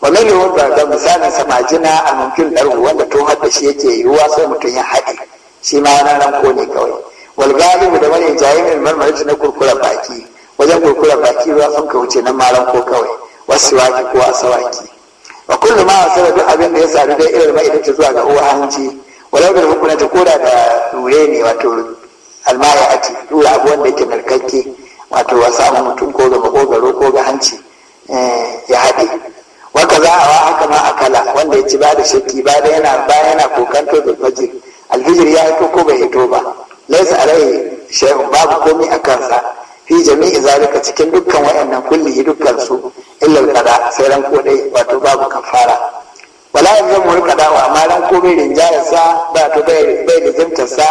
wallahi wanda da misalin samajina a mumkin daru wanda to da shi yake yiwuwa sai mutum ya haɗi. shi ma yana ranko ne kawai wal galibu da mani jayimin marmari na kurkura baki wajen kurkura baki ruwa sun ka wuce nan ma ranko kawai wasu waki ko asawaki wa kullu ma asaba duk abin da ya sadu da irin mai zuwa ga uwa hanci walau da hukuna ta koda da rure ne wato almaya ake rura abu wanda yake narkakke wato wa samun mutum ko ga makogaro ko ga hanci eh, ya haɗe waka za a wa haka ma a kala, wanda ya ci ba da shakki ba da yana ba yana kokanto da fajir alhijir ya hito ko bai hito ba laisa alaihi shehu babu komi a kansa fi jami'i zalika cikin dukkan wayannan kulli dukkan su illa kada sai ran ko dai wato babu kafara wala yanzu mu kada wa amma ran ko bai rinjaya sa ba to bai bai da sa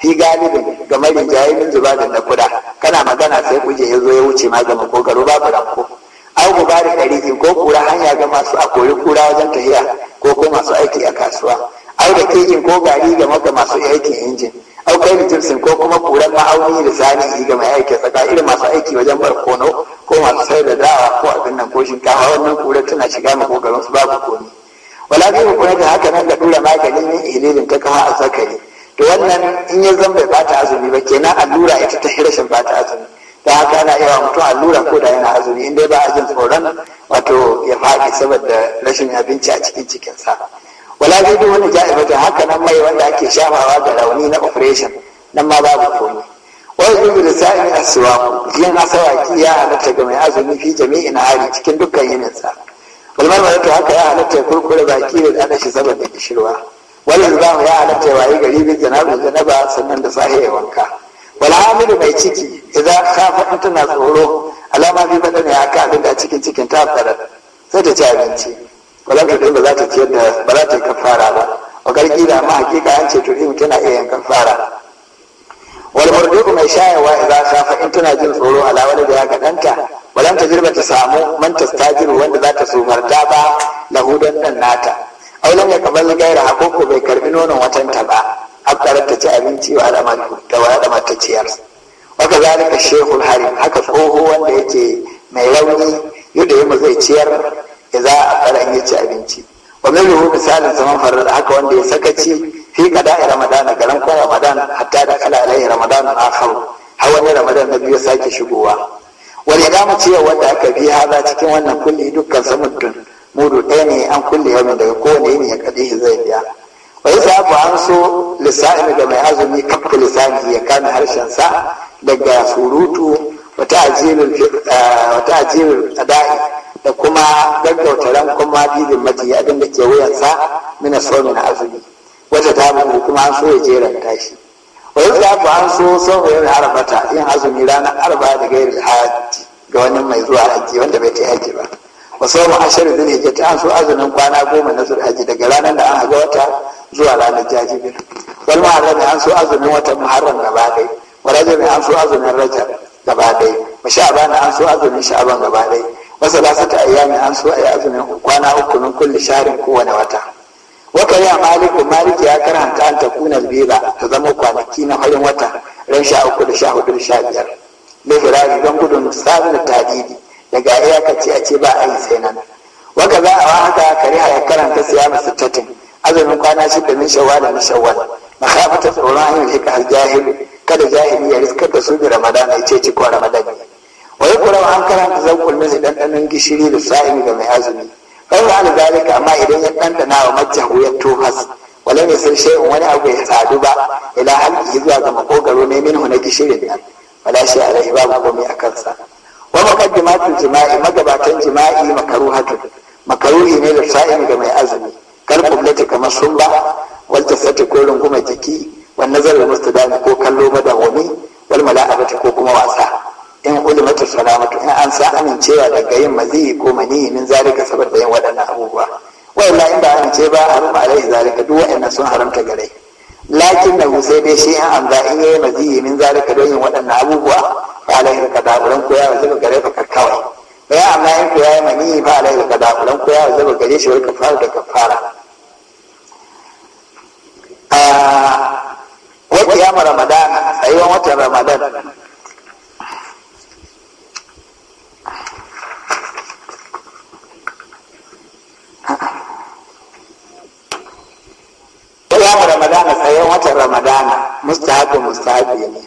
fi galibin ga mai rinjaye min zuba da nakuda kuda kana magana sai kuje ya zo ya wuce ma ga makogaro babu ranko au mubarak ɗari ko kura hanya ga masu akori kura wajen tahiya injin ko gari ga maka masu aikin injin aukai mutum ko kuma kuran ma'auni da zani ga mai aiki tsaka irin masu aiki wajen barkono ko masu sayar da dawa ko abin nan ko shinkafa wannan kuran tana shiga ma kogarin su babu komi wala bi ku da haka nan da dura magani ne ililin ta kama a zakari to wannan in ya zan bai bata azumi ba kenan allura ita ta rashin bata azumi ta haka ana yawa mutum allura ko da yana azumi in dai ba a jin tsoron wato ya faɗi saboda rashin abinci a cikin cikinsa. wala zai duk wani ja'ibata haka nan mai wanda ake shafawa da rauni na operation nan ma babu komai wani zubi da sa'in asuwa jiyan asawaki ya halatta ga mai azumi fi jami'in hari cikin dukkan yininsa walmar ta haka ya halatta kurkure baki da ana shi saboda kishirwa Wani zamu ya halatta waye gari bin janabu janaba sannan da sahiya wanka wala hamilu mai ciki idan ka faɗi tana tsoro alama bi bada ya ka abinda da cikin cikin ta fara sai ta ci abinci wala garɗin da za ta ciyar da ba za ta yi kafara ba wa da ma hakika an ce tu'im tana iya yin kafara mai shayarwa idan safa in tana jin tsoro ala wani da ya gadanta ta jirba ta samu ta jiru, wanda za ta sumarta ba lahu dan nan nata aw kamar kamar gaira koko bai karbi nonon watanta ba abkarar ta ci abinci wa alamatu da wa da mata ciyar waka zalika shehul harim haka tsoho wanda yake mai rauni yadda yamma zai ciyar ya za a fara in ya ci abinci wa mai yiwu misalin zaman farar da haka wanda ya sakaci fi kada ramadana garan kuma ramadana hatta da kala alayhi ramadana akharu har wani Ramadana na biyu sake shigowa wani ya gama cewa wanda aka bi haza cikin wannan kulli dukkan samuddin mudu ɗaya ne an kulle yau daga kowane yini ya shi zai biya wa yi sa'afu an so lissafi da mai azumi kafa lissani ya harshen sa daga surutu wata ajiyar da'i da kuma gaggauta ran kuma bibin mace abin da ke wuyansa mina somi na azumi wata ta bugu kuma an so ya jeran tashi wajen ta da an so son wa arabata yin azumi ranar arba da gairar hajji ga wani mai zuwa hajji wanda bai ta hajji ba wa somi ashirin zai hijja ta an so azumin kwana goma na zuwa hajji daga ranar da an haga wata zuwa ranar jajibir wal muharrami an so azumin watan muharram gaba ɗaya wa rajab an so azumin rajar gaba ɗaya mu bani an so azumin sha'ban gaba ɗaya wasu lasata ayyami an so a yi azumin kwana uku min sharin kowane wata wata ya maliku maliki ya karanta an ta kunar bela ta zama kwanaki na farin wata ran sha uku da sha hudu da sha biyar lihirari don gudun tsarin tadidi daga iyakaci a ce ba a yi sai nan waka za a wa haka kariha ya karanta siyama sittatin azumin kwana shida min shawwal na shawwal ta tsoron hanyar hika jahilu, kada jahili ya riskar da su bi ramadana ya ce ci ko wai kuram an karanta zankul mai ɗanɗanon gishiri da sa'imi ga mai azumi kai wa an amma idan ya ɗanɗana wa majjahu ya has. wala ne sun shay'in wani abu ya sadu ba ila halki zuwa ga makogaro ne minhu na gishirin nan wala shi alaihi babu komai a kansa wa muqaddimatul jima'i magabatan jima'i makaruhatu makaruhi ne da sa'imi ga mai azumi kal kublati kamar sunba ba wal jasati ko runguma jiki wan nazarin mustadani ko kallo madawami wal mala'abati ko kuma wasa in ulimatu salamatu in an sa amincewa daga yin mazi ko maniyi min zalika saboda yin waɗannan abubuwa wa'illa in ba amince ba haram alaihi zalika duk wa'annan sun haramta gare lakin da sai dai shi in an za in yi mazi min zalika don yin waɗannan abubuwa ba alaihi ka daburan ko ya zuba gare ka kawai bai amma in ko yayi maniyi fa alaihi ka daburan ko ya zuba gare shi wai fara da kafara a ah, wa kiyama ramadan tsayuwan watan ramadan kiyamu ramadana tsayin watan ramadana mustahabi mustahabi ne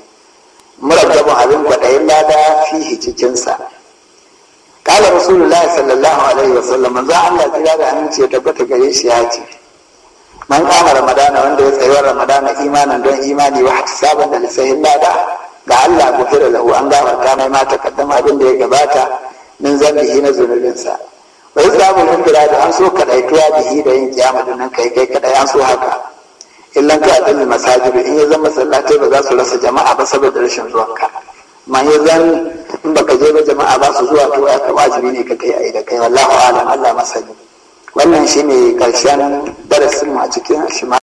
murabbabin abin kwaɗayin lada fihi cikinsa kala rasulullahi sallallahu alaihi wasallam manzo Allah jira da amince tabbata gare shi ya ce man kama ramadana wanda ya tsayi ramadana imanin don imani wa sabon da lisahin lada ga Allah gufira lahu an gafarta mai ma takaddama abin da ya gabata min zambihi na zunubinsa bai samun hundura da an so kadaituwa da yi da yin kiyama da nan kai kai kaɗai, an so haka illan ka adal masajidu in ya zama sallatai ba za su rasa jama'a ba saboda rashin zuwan ka ma ya zan in baka je ba jama'a ba su zuwa to ya ka wajibi ne ka kai aida da kai wallahu alam Allah masani wannan shine karshen darasin mu a cikin shima